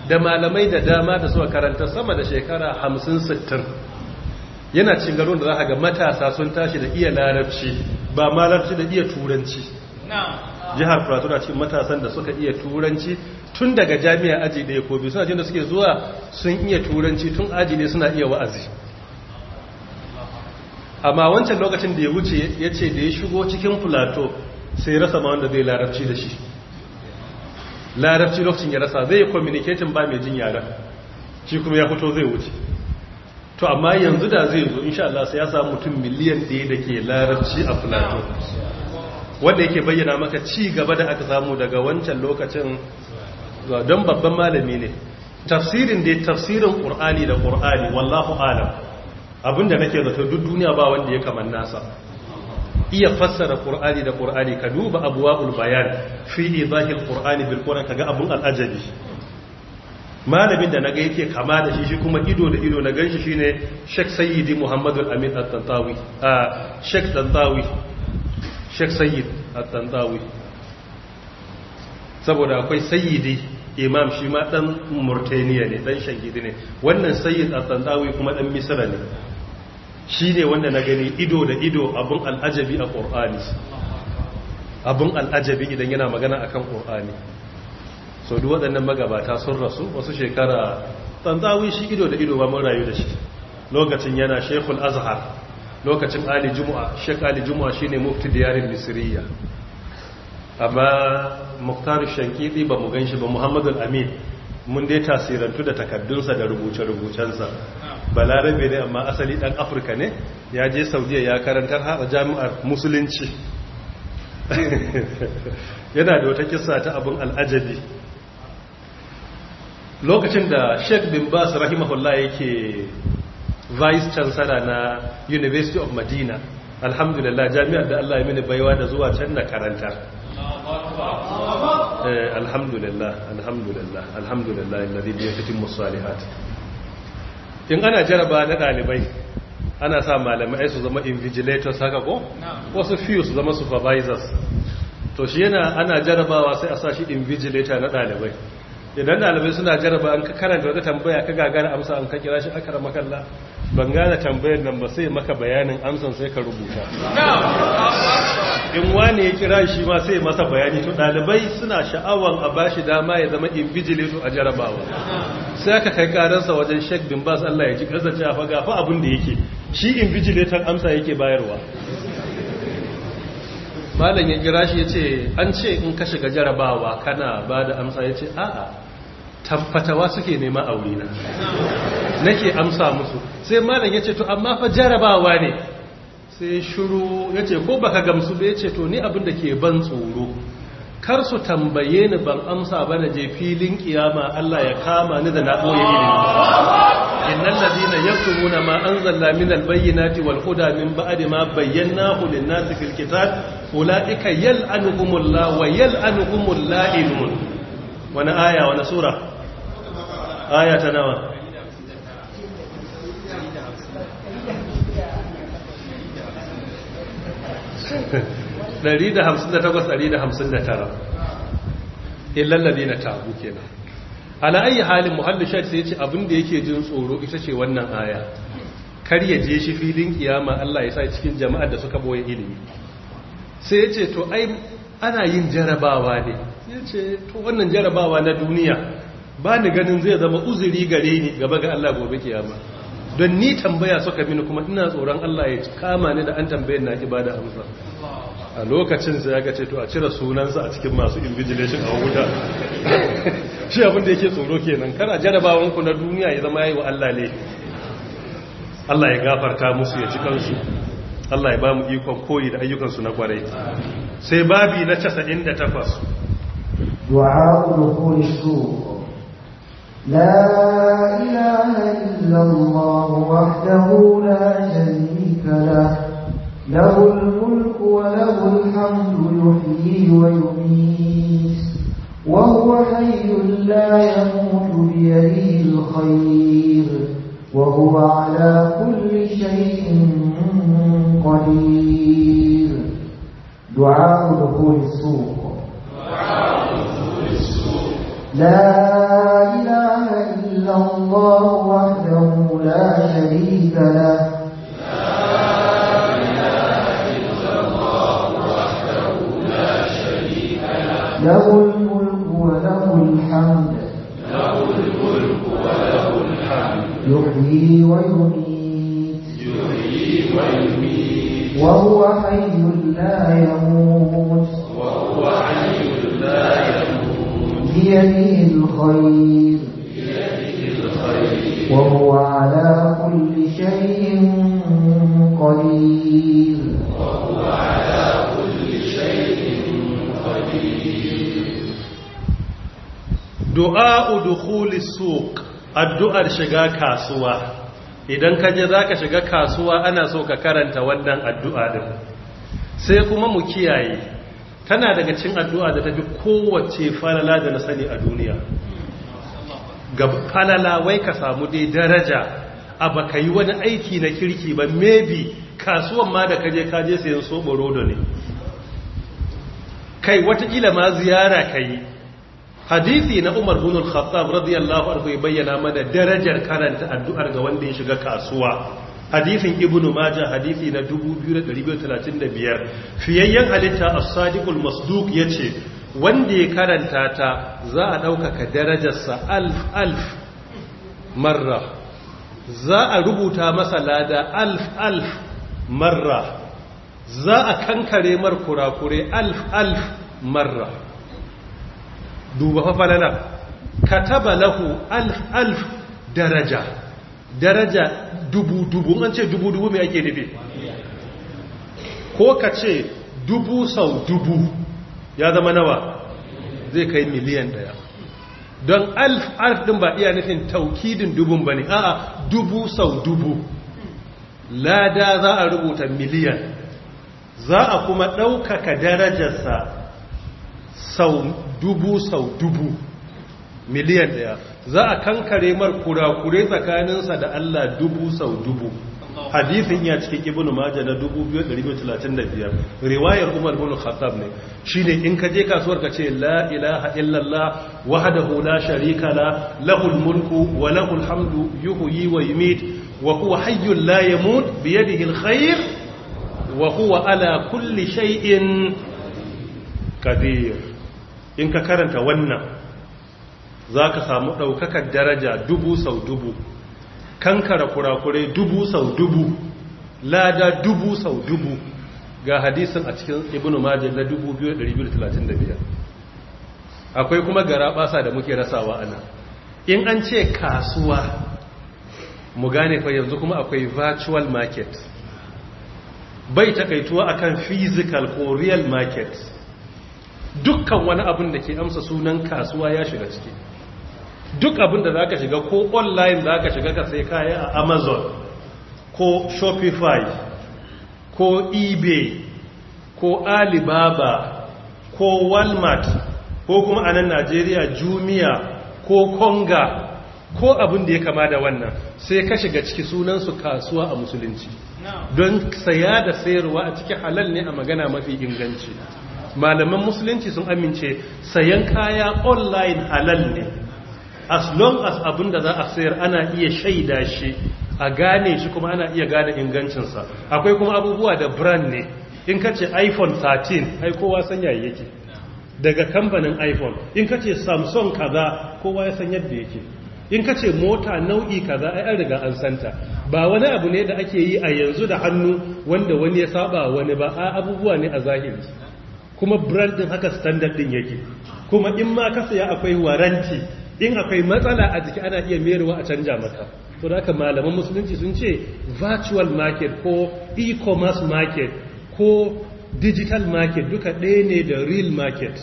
da malamai da dama da suka karanta sama da shekara hamsin sittin yana cin garuruwan da za a ga matasa sun tashi da iya larabci ba malarci da iya turanci jihar plateau na cikin matasan da suka iya turanci tun daga jami'a aji ɗaya ko biyu suna jin da suke zuwa sun iya turanci tun aji ne suna iya wa'azi amma wancan lokacin da ya wuce ya ce da ya shigo cikin plateau sai rasa ma wanda zai larabci da shi larabci lokacin ya rasa zai yi communicating ba mai jin yara, shi kuma ya fito zai wuce to amma yanzu da zai zo insha Allah sai ya samu mutum miliyan ɗaya da ke larabci a plateau wanda yake bayyana maka ci gaba da aka samu daga wancan lokacin don babban malami ne tafsirin da tafsirin qur'ani da qur'ani wallahu alam abinda nake zato duk duniya ba wanda ya kaman nasa iya fassara qur'ani da qur'ani ka duba abwaul bayan fi izahil qur'ani bil qur'an kaga abun al'ajabi malamin da naga yake kama da shi shi kuma ido da ido na ganshi shine Sheikh Sayyidi Muhammadu Al-Amin At-Tantawi a ah, Sheikh Tantawi sheikh sayyid At-Tandawi saboda akwai sayyidi imam shi ma dan murtaniya ne dan shangidi ne wannan sayyid At-Tandawi kuma dan misra ne shi wanda na gani ido da ido abun al'ajabi a qur'ani. abun al'ajabi idan yana magana akan Qur'ani so duk waɗannan magabata sun rasu wasu shekara Tandawi shi ido da ido ba mun rayu da shi lokacin yana Sheikhul azhar lokacin ali juma'a shek ali juma'a shine mufti diyarin misriya amma muktar shankidi ba mu ganshi ba muhammadu amin mun dai tasirantu da takaddunsa da rubuce-rubucensa balarabe ne amma asali dan afirka ne ya je saudiya ya karantar haɗa jami'ar musulunci yana da wata kisa ta abin al'ajabi lokacin da sheik bin bas rahimahullah yake vice chancellor na university of madina alhamdulillah jami'ar da allah ya mini baiwa da zuwa can na karanta eh, alhamdulillah alhamdulillah alhamdulillah alladhi bi yadatin musalihat in ana jaraba na dalibai ana sa malamai su zama invigilators haka ko wasu few su zama supervisors to shi yana ana jarabawa sai a sa shi invigilator na dalibai idan dalibai suna jaraba an karanta wata tambaya ka gagara amsa an ka kira shi akara makalla ban gane tambayar nan ba sai maka bayanin amsan sai ka rubuta in wani ya kira shi ma sai masa bayani to dalibai suna sha'awar a bashi dama ya zama invigilator a jarabawa sai aka kai karansa wajen Sheikh bin Bas Allah ya ji kasance a faga fa abin da yake shi invigilator amsa yake bayarwa malam ya kira shi ya ce an ce in ka shiga jarabawa kana ba da amsa Yace a'a tamfatawa suke nema aure na nake amsa musu sai malam yace to amma fa jarabawa ne sai shiru yace ko baka gamsu ba yace to ni abin da ke ban tsoro kar su tambaye ni ban amsa ba na je filin kiyama Allah ya kama ni da na boye ilimi innal ladina yaktumuna ma anzalna min bayyinati wal huda min ba'di ma bayyanahu lin-nasi fil kitab ulaika yal'anuhumullahu wa yal'anuhumul la'imun wani aya wani sura aya ta nawa ɗari da hamsin da takwas ɗari da hamsin da tara illallabi na tabu kenan ala ayi halin muhallin shaɗi sai ce abinda yake jin tsoro ita ce wannan aya kar ya je shi filin kiyama Allah ya sa cikin jama'ar da suka boye ilimi sai ya ce to ai ana yin jarabawa ne ya ce to wannan jarabawa na duniya ba ni ganin zai zama uzuri gare ni gaba ga Allah gobe kiyama don ni tambaya suka mini kuma ina tsoron Allah ya kama ni da an tambayar na ki bada amsa a lokacin sai ga ce to a cire sunansa a cikin masu invigilation a wuta shi abin da yake tsoro kenan kana jarabawan ku na duniya ya zama yayi wa Allah ne Allah ya gafarta musu ya ci kansu Allah ya ba mu ikon koyi da ayyukan su na kwarai sai babi na 98 du'a dukhul su. لا إله إلا الله وحده لا شريك له له الملك وله الحمد يحيي ويميت وهو حي لا يموت بيده الخير وهو على كل شيء قدير دعاء دخول السوق دعاء دخول السوق لا إلا الله وحده لا شريك له له الملك وله الحمد له الملك وله الحمد يحيي ويميت يحيي ويميت وهو حي لا يموت وهو حي لا يموت بيده الخير وهو على كل شيء قدير دعاء دخول السوق addu'ar shiga kasuwa idan ka je zaka shiga kasuwa ana so ka karanta wannan addu'a din sai kuma mu kiyaye tana daga cikin addu'a da ta fi kowace falala da na sani a duniya ga falala wai ka samu dai daraja a baka yi wani aiki na kirki ba maybe kasuwan ma da kaje kaje sayan soɓo rodo ne kai watakila ma ziyara ka yi hadithi na umar bin al-khattab radiyallahu anhu ya bayyana mana darajar karanta addu'ar ga wanda ya shiga kasuwa hadithin ibnu majah hadithi na 2235 fiyayyen halitta as-sadiqul masduq yace wanda ya karanta ta za a ɗaukaka darajarsa alf alf marra za a rubuta masa lada alf alf marra za a kankare mar kurakure alf alf marra duba Ka kataba lahu alf alf daraja daraja dubu dubu an ce dubu dubu mai ake nufi ko ka ce dubu sau dubu ya zama nawa zai kai miliyan daya don alf alf din ba iya nufin taukidin dubun ba ne a'a dubu sau dubu lada za a rubuta miliyan za a kuma ɗaukaka darajarsa sau dubu sau dubu miliyan daya za a kankare mar kurakure tsakaninsa da allah dubu sau dubu hadithin ya cikin ibnu maja na 2235 riwayar umar ibn khattab ne shine in ka je kasuwar ka ce la ilaha illallah wahdahu la sharika la lahul mulku wa lahul hamdu yuhyi wa yumit wa huwa hayyul la yamut bi yadihi alkhair wa huwa ala kulli shay'in qadir in ka karanta wannan zaka samu daukakar daraja dubu sau dubu kankara kurakurai dubu sau dubu lada dubu sau dubu ga hadisin a cikin ibn majah na 2235 akwai kuma gara basa da muke rasawa ana in an ce kasuwa mu gane fa yanzu kuma akwai virtual market bai takaituwa akan physical ko real market dukkan wani abin da ke amsa sunan kasuwa ya shiga ciki duk abin da za ka shiga ko online za ka shiga ka sai kaya a amazon ko shopify ko ebay ko alibaba ko walmart ko kuma a nan najeriya jumia ko konga ko abin da ya kama da wannan sai ka shiga ciki sunansu kasuwa a musulunci don saya da sayarwa a ciki halal ne a magana mafi inganci malaman musulunci sun amince sayan kaya online halal ne as long as abin da za a sayar ana iya shaida shi a gane shi kuma ana iya gane ingancinsa akwai kuma abubuwa da brand ne in ka ce iphone 13 ai kowa san yayi yake daga kamfanin iphone in ka ce samsung kaza kowa ya san yadda yake in ka ce mota nau'i kaza ai an riga an santa ba wani abu ne da ake yi a yanzu da hannu wanda wani ya saba wani ba a abubuwa ne a zahiri kuma brand din haka standard din yake kuma in ma ka saya akwai waranti in akwai matsala a jiki ana iya merewa a canja maka to da aka malaman musulunci sun ce virtual market ko e-commerce market ko digital market duka ɗaya ne da real market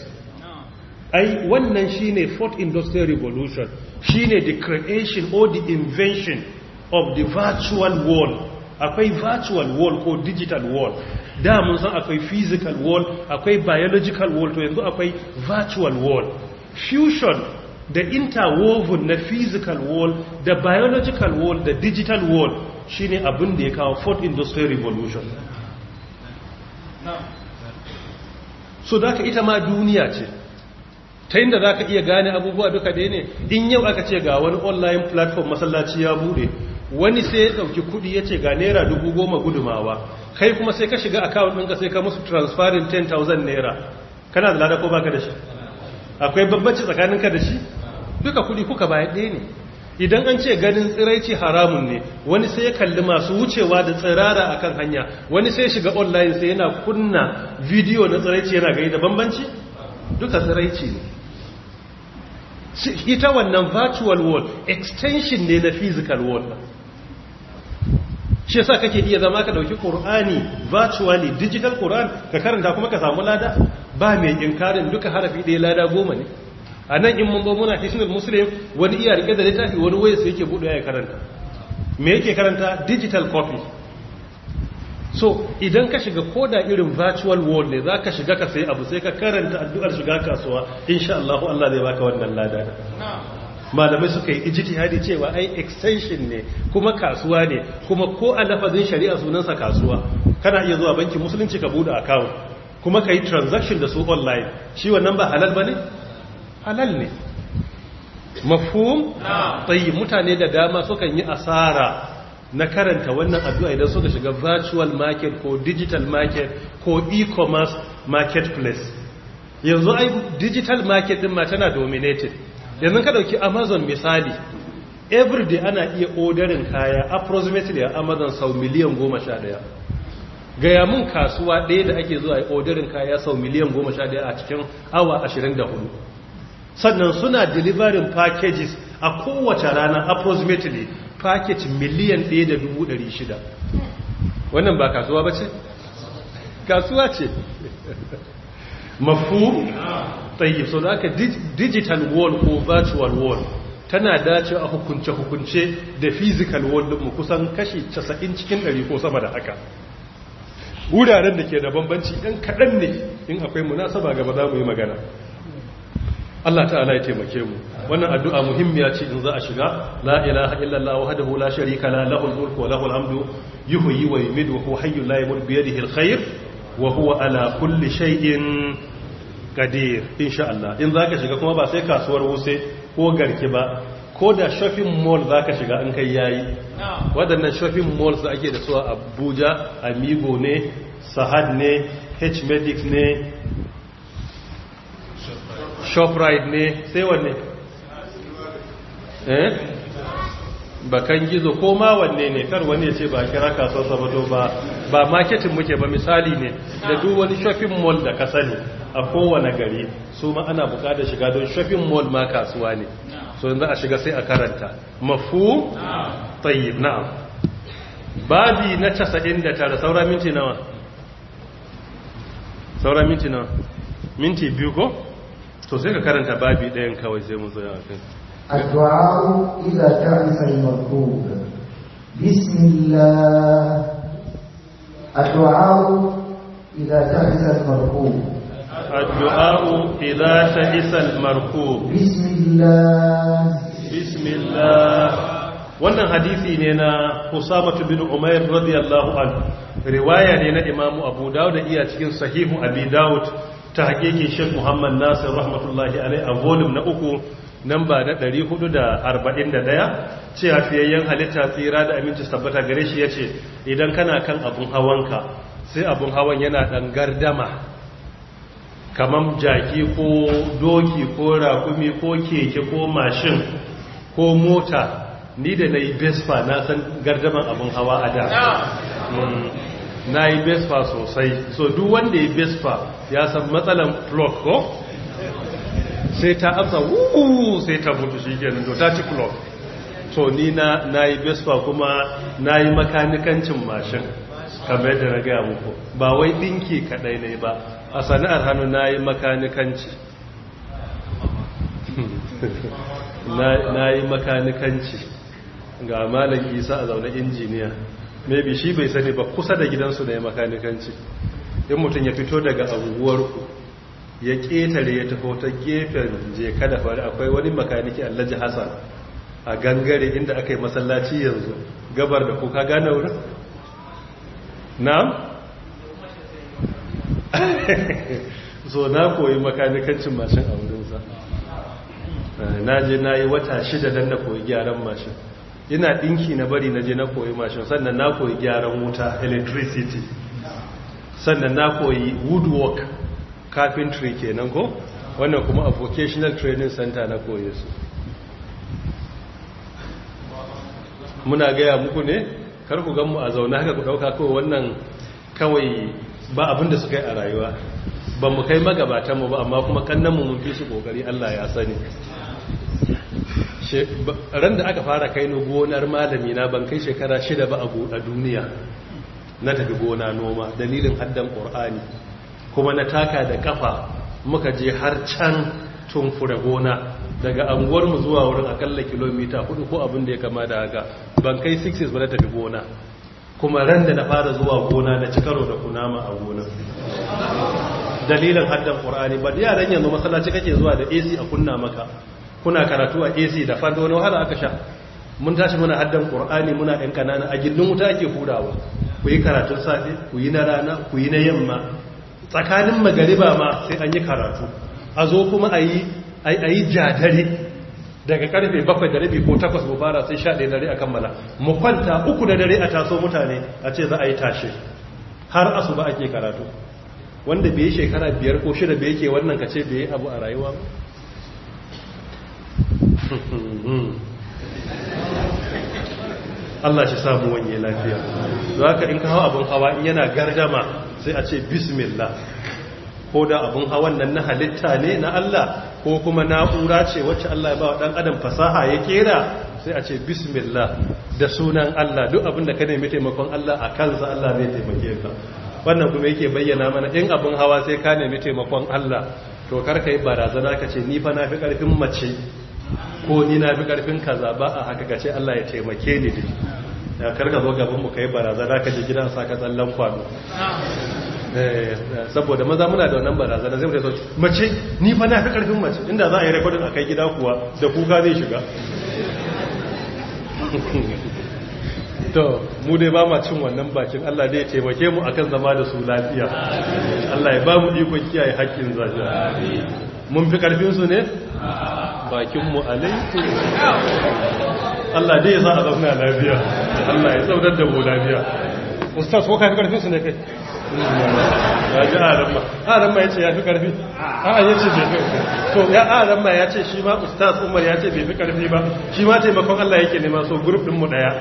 ai wannan shine fourth industrial revolution shine the creation or the invention of the virtual world akwai virtual world ko digital world da mun san akwai physical world akwai biological world to yanzu akwai virtual world fusion da interwoven na physical world da biological world da digital world shine abin da ya kawo fourth industrial revolution so da ka ita ma duniya ce ta yin da za ka iya gane abubuwa duka da ne in yau aka ce ga wani online platform masallaci ya bude wani sai ya ɗauki kuɗi ya ce ga naira dubu goma gudumawa kai kuma sai ka shiga account ɗinka sai ka musu transferring 10,000 naira kana da lada ko baka da shi akwai bambanci tsakaninka da shi duka kuɗi kuka bayar ɗaya ne idan an ce ganin tsiraici haramun ne wani sai ya kalli masu wucewa da tsirara a kan hanya wani sai shiga online sai yana kunna video na tsiraici yana gani da bambanci duka tsiraici ne ita wannan virtual world extension ne na physical world shi yasa kake iya zama ka dauki qur'ani virtually digital qur'an ka karanta kuma ka samu lada ba mai inkarin duka harafi ɗaya lada goma ne a nan in mun ba muna tishinul muslim wani iya rike da littafi wani waya su yake buɗe ya karanta me yake karanta digital copy so idan ka shiga koda irin virtual world ne za ka shiga ka sai abu sai ka karanta addu'ar shiga kasuwa insha Allah Allah zai baka wannan lada malamai suka yi ijiti hadi cewa ai extension ne kuma kasuwa ne kuma ko a lafazin shari'a sunansa kasuwa kana iya zuwa banki musulunci ka bude account kuma ka yi transaction da su online shi wannan ba halal bane halal ne mafhum tayyib mutane da dama sukan yi asara na karanta wannan addu'a idan suka shiga virtual market ko digital market ko e-commerce marketplace yanzu ai digital market din ma tana dominated yanzu ka dauki amazon misali everyday ana iya odarin kaya approximately a amazon sau miliyan goma sha gaya mun kasuwa ɗaya da ake zuwa odarin kaya sau miliyan goma sha ɗaya a cikin awa ashirin da hudu sannan suna delivering packages a kowace rana approximately package miliyan 1,600 wannan ba kasuwa ba ce? kasuwa ce mafu tsayi so da aka digital wall ko virtual wall tana dace a hukunce-hukunce da physical wall mu kusan kashi 90 cikin 100 ko sama da haka wuraren da ke da bambanci ɗan kaɗan ne in akwai munasaba gaba za mu yi magana Allah ta'ala ya taimake mu wannan addu'a muhimmiya ce in za a shiga la ilaha illallah wahdahu la sharika la al mulku wa al hamdu yuhyi wa yumitu wa huwa hayyul la yamutu bi yadihi alkhair wa huwa ala kulli shay'in qadir insha Allah in zaka shiga kuma ba sai kasuwar wuse ko garki ba ko da shopping mall zaka shiga in kai yayi wadannan shopping malls da ake da su a Abuja Amigo ne Sahad ne H Medics ne shoprite ne sai wanne eh bakan gizo ko ma wanne ne kar wani ya ce ba kira kasuwar sabato ba ba marketing muke ba misali ne da duk wani shopping mall da ka sani a kowane gari su ma ana bukatar shiga don shopping mall ma kasuwa ne so yanzu a shiga sai a karanta mafu tayyib na'am babi na 99 saura minti nawa saura minti nawa minti biyu ko to sai ka karanta babi ɗayan kawai sai mu tsaya akan addu'a idza ta'isa al-maqbul bismillah addu'a idza ta'isa al-maqbul addu'a idza ta'isa bismillah bismillah wannan hadisi ne na Usama bin Umair radiyallahu anhu riwaya ne na imamu Abu Dawud da iya cikin sahihu Abi Dawud ta hakiki Sheikh Muhammad Nasir rahmatullahi alai a volume na uku namba na 441 cewa fiyayyen halitta tsira da aminci tabbata gare shi yace idan kana kan abun hawanka sai abun hawan yana ɗan gardama kamar jaki ko doki ko rakumi ko keke ko mashin ko mota ni da nayi Vespa na san gardaman abun hawa a da na yi bespa sosai so duk wanda ya bespa ya san matsalan flok ko sai ta amsa wuuu sai ta mutu shi kenan to ta ci to ni na yi bespa kuma na yi makanikancin mashin kamar da na gaya muku ba wai ɗinki kaɗai ne ba a sana'ar hannu na yi makanikanci na yi makanikanci ga malam isa a zaune injiniya maybe shi bai sani ba kusa da gidansu ne makanikanci in mutum ya fito daga abubuwarku ya ƙetare ya taho ta gefen je kada faru akwai wani makaniki allaji hassan a gangare inda aka yi masallaci yanzu gabar da kuka gane wurin na? so na koyi makanikancin mashin a wurinsa eh, na je na yi wata shida don na koyi gyaran mashin ina dinki na bari na je na koyi mashin sannan na koyi gyaran wuta electricity sannan na koyi woodwork carpentry kenan ko wannan kuma a vocational training center na koye su muna gaya muku ne kar ku ganmu a zaune haka ku dauka kawai wannan kawai ba abin da suka yi a rayuwa ba mu kai magabatanmu ba amma kuma kannan mu mun fi su kokari Allah ya sani ran da aka fara kai gonar malami na ban kai shekara shida ba a duniya na tafi gona noma dalilin haddan ƙorani kuma na taka da kafa muka je har can tun fura gona daga anguwarmu zuwa wurin akalla kilomita hudu ko abin da ya kama da haka ban kai 6 ba na tafi gona kuma ran da na fara zuwa gona na ci karo da kunama a gona dalilin haddan ƙorani ba yaran yanzu masallaci kake zuwa da ac a kunna maka kuna karatu a AC da fan wani wahala aka sha mun tashi muna haddan Qur'ani muna ɗan kanana a gindin wuta ake hudawa ku yi karatun safe ku yi na rana ku yi na yamma tsakanin magariba ma sai an yi karatu a zo kuma a yi a yi jadare daga karfe 7 da rabi ko 8 mu fara sai 11 dare a kammala mu kwanta uku da dare a taso mutane a ce za a yi tashi har asuba ake karatu wanda bai shekara biyar ko shida bai yake wannan kace bai abu a rayuwa ba Allah shi samu wanye lafiya Za ka in kawo abin hawa in yana gardama sai a ce bismillah ko da abin hawan nan na halitta ne na Allah ko kuma na'ura ce wacce Allah ya ba wa ɗan adam fasaha ya kera sai a ce bismillah da sunan Allah duk abin da ka nemi taimakon Allah a kansa Allah zai taimake ka wannan kuma yake bayyana mana in abin hawa sai ka nemi taimakon Allah to karka yi barazana ka ce ni fa na fi ƙarfin mace ko ni na fi karfin kaza ba a haka gace Allah ya taimake ni din ya karka zo gaban mu kai barazana ka je gidan saka tsallan kwano eh, saboda maza muna da wannan barazana zai mu sauci mace ni fa na fi karfin mace inda za a yi recording a kai gida kuwa da kuka zai shiga to mu dai ba ma cin wannan bakin Allah dai ya taimake mu akan zama da su lafiya Allah ya ba mu ikon kiyaye haƙƙin amin mun fi karfin su ne bakinmu laifin. Allah dai za a zauna lafiya Allah ya saudar da mu lafiya ustaz ko kafi karfin su ne kai ya ji aramma aramma ya ce ya fi karfi a ya ce bai fi so ya aramma ya ce shi ma ustaz umar ya ce bai fi karfi ba shi ma taimakon Allah yake nema so group din mu daya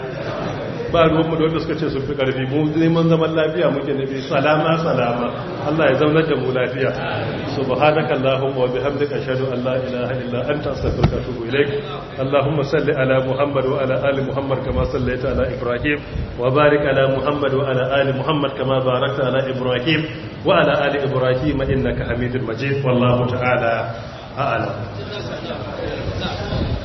ba ruwanmu da wanda suka ce sun fi ƙarfi mu neman zaman lafiya muke nufi salama salama Allah ya zaunar da mu lafiya ba subhanaka allahumma wa bihamdika ashhadu an la ilaha illa an anta astaghfiruka wa atubu ilaik allahumma salli ala muhammad wa ala ali muhammad kama sallaita ala ibrahim wa barik ala muhammad wa ala ali muhammad kama barakta ala ibrahim wa ala ali ibrahim innaka hamidul majid wallahu ta'ala a'lam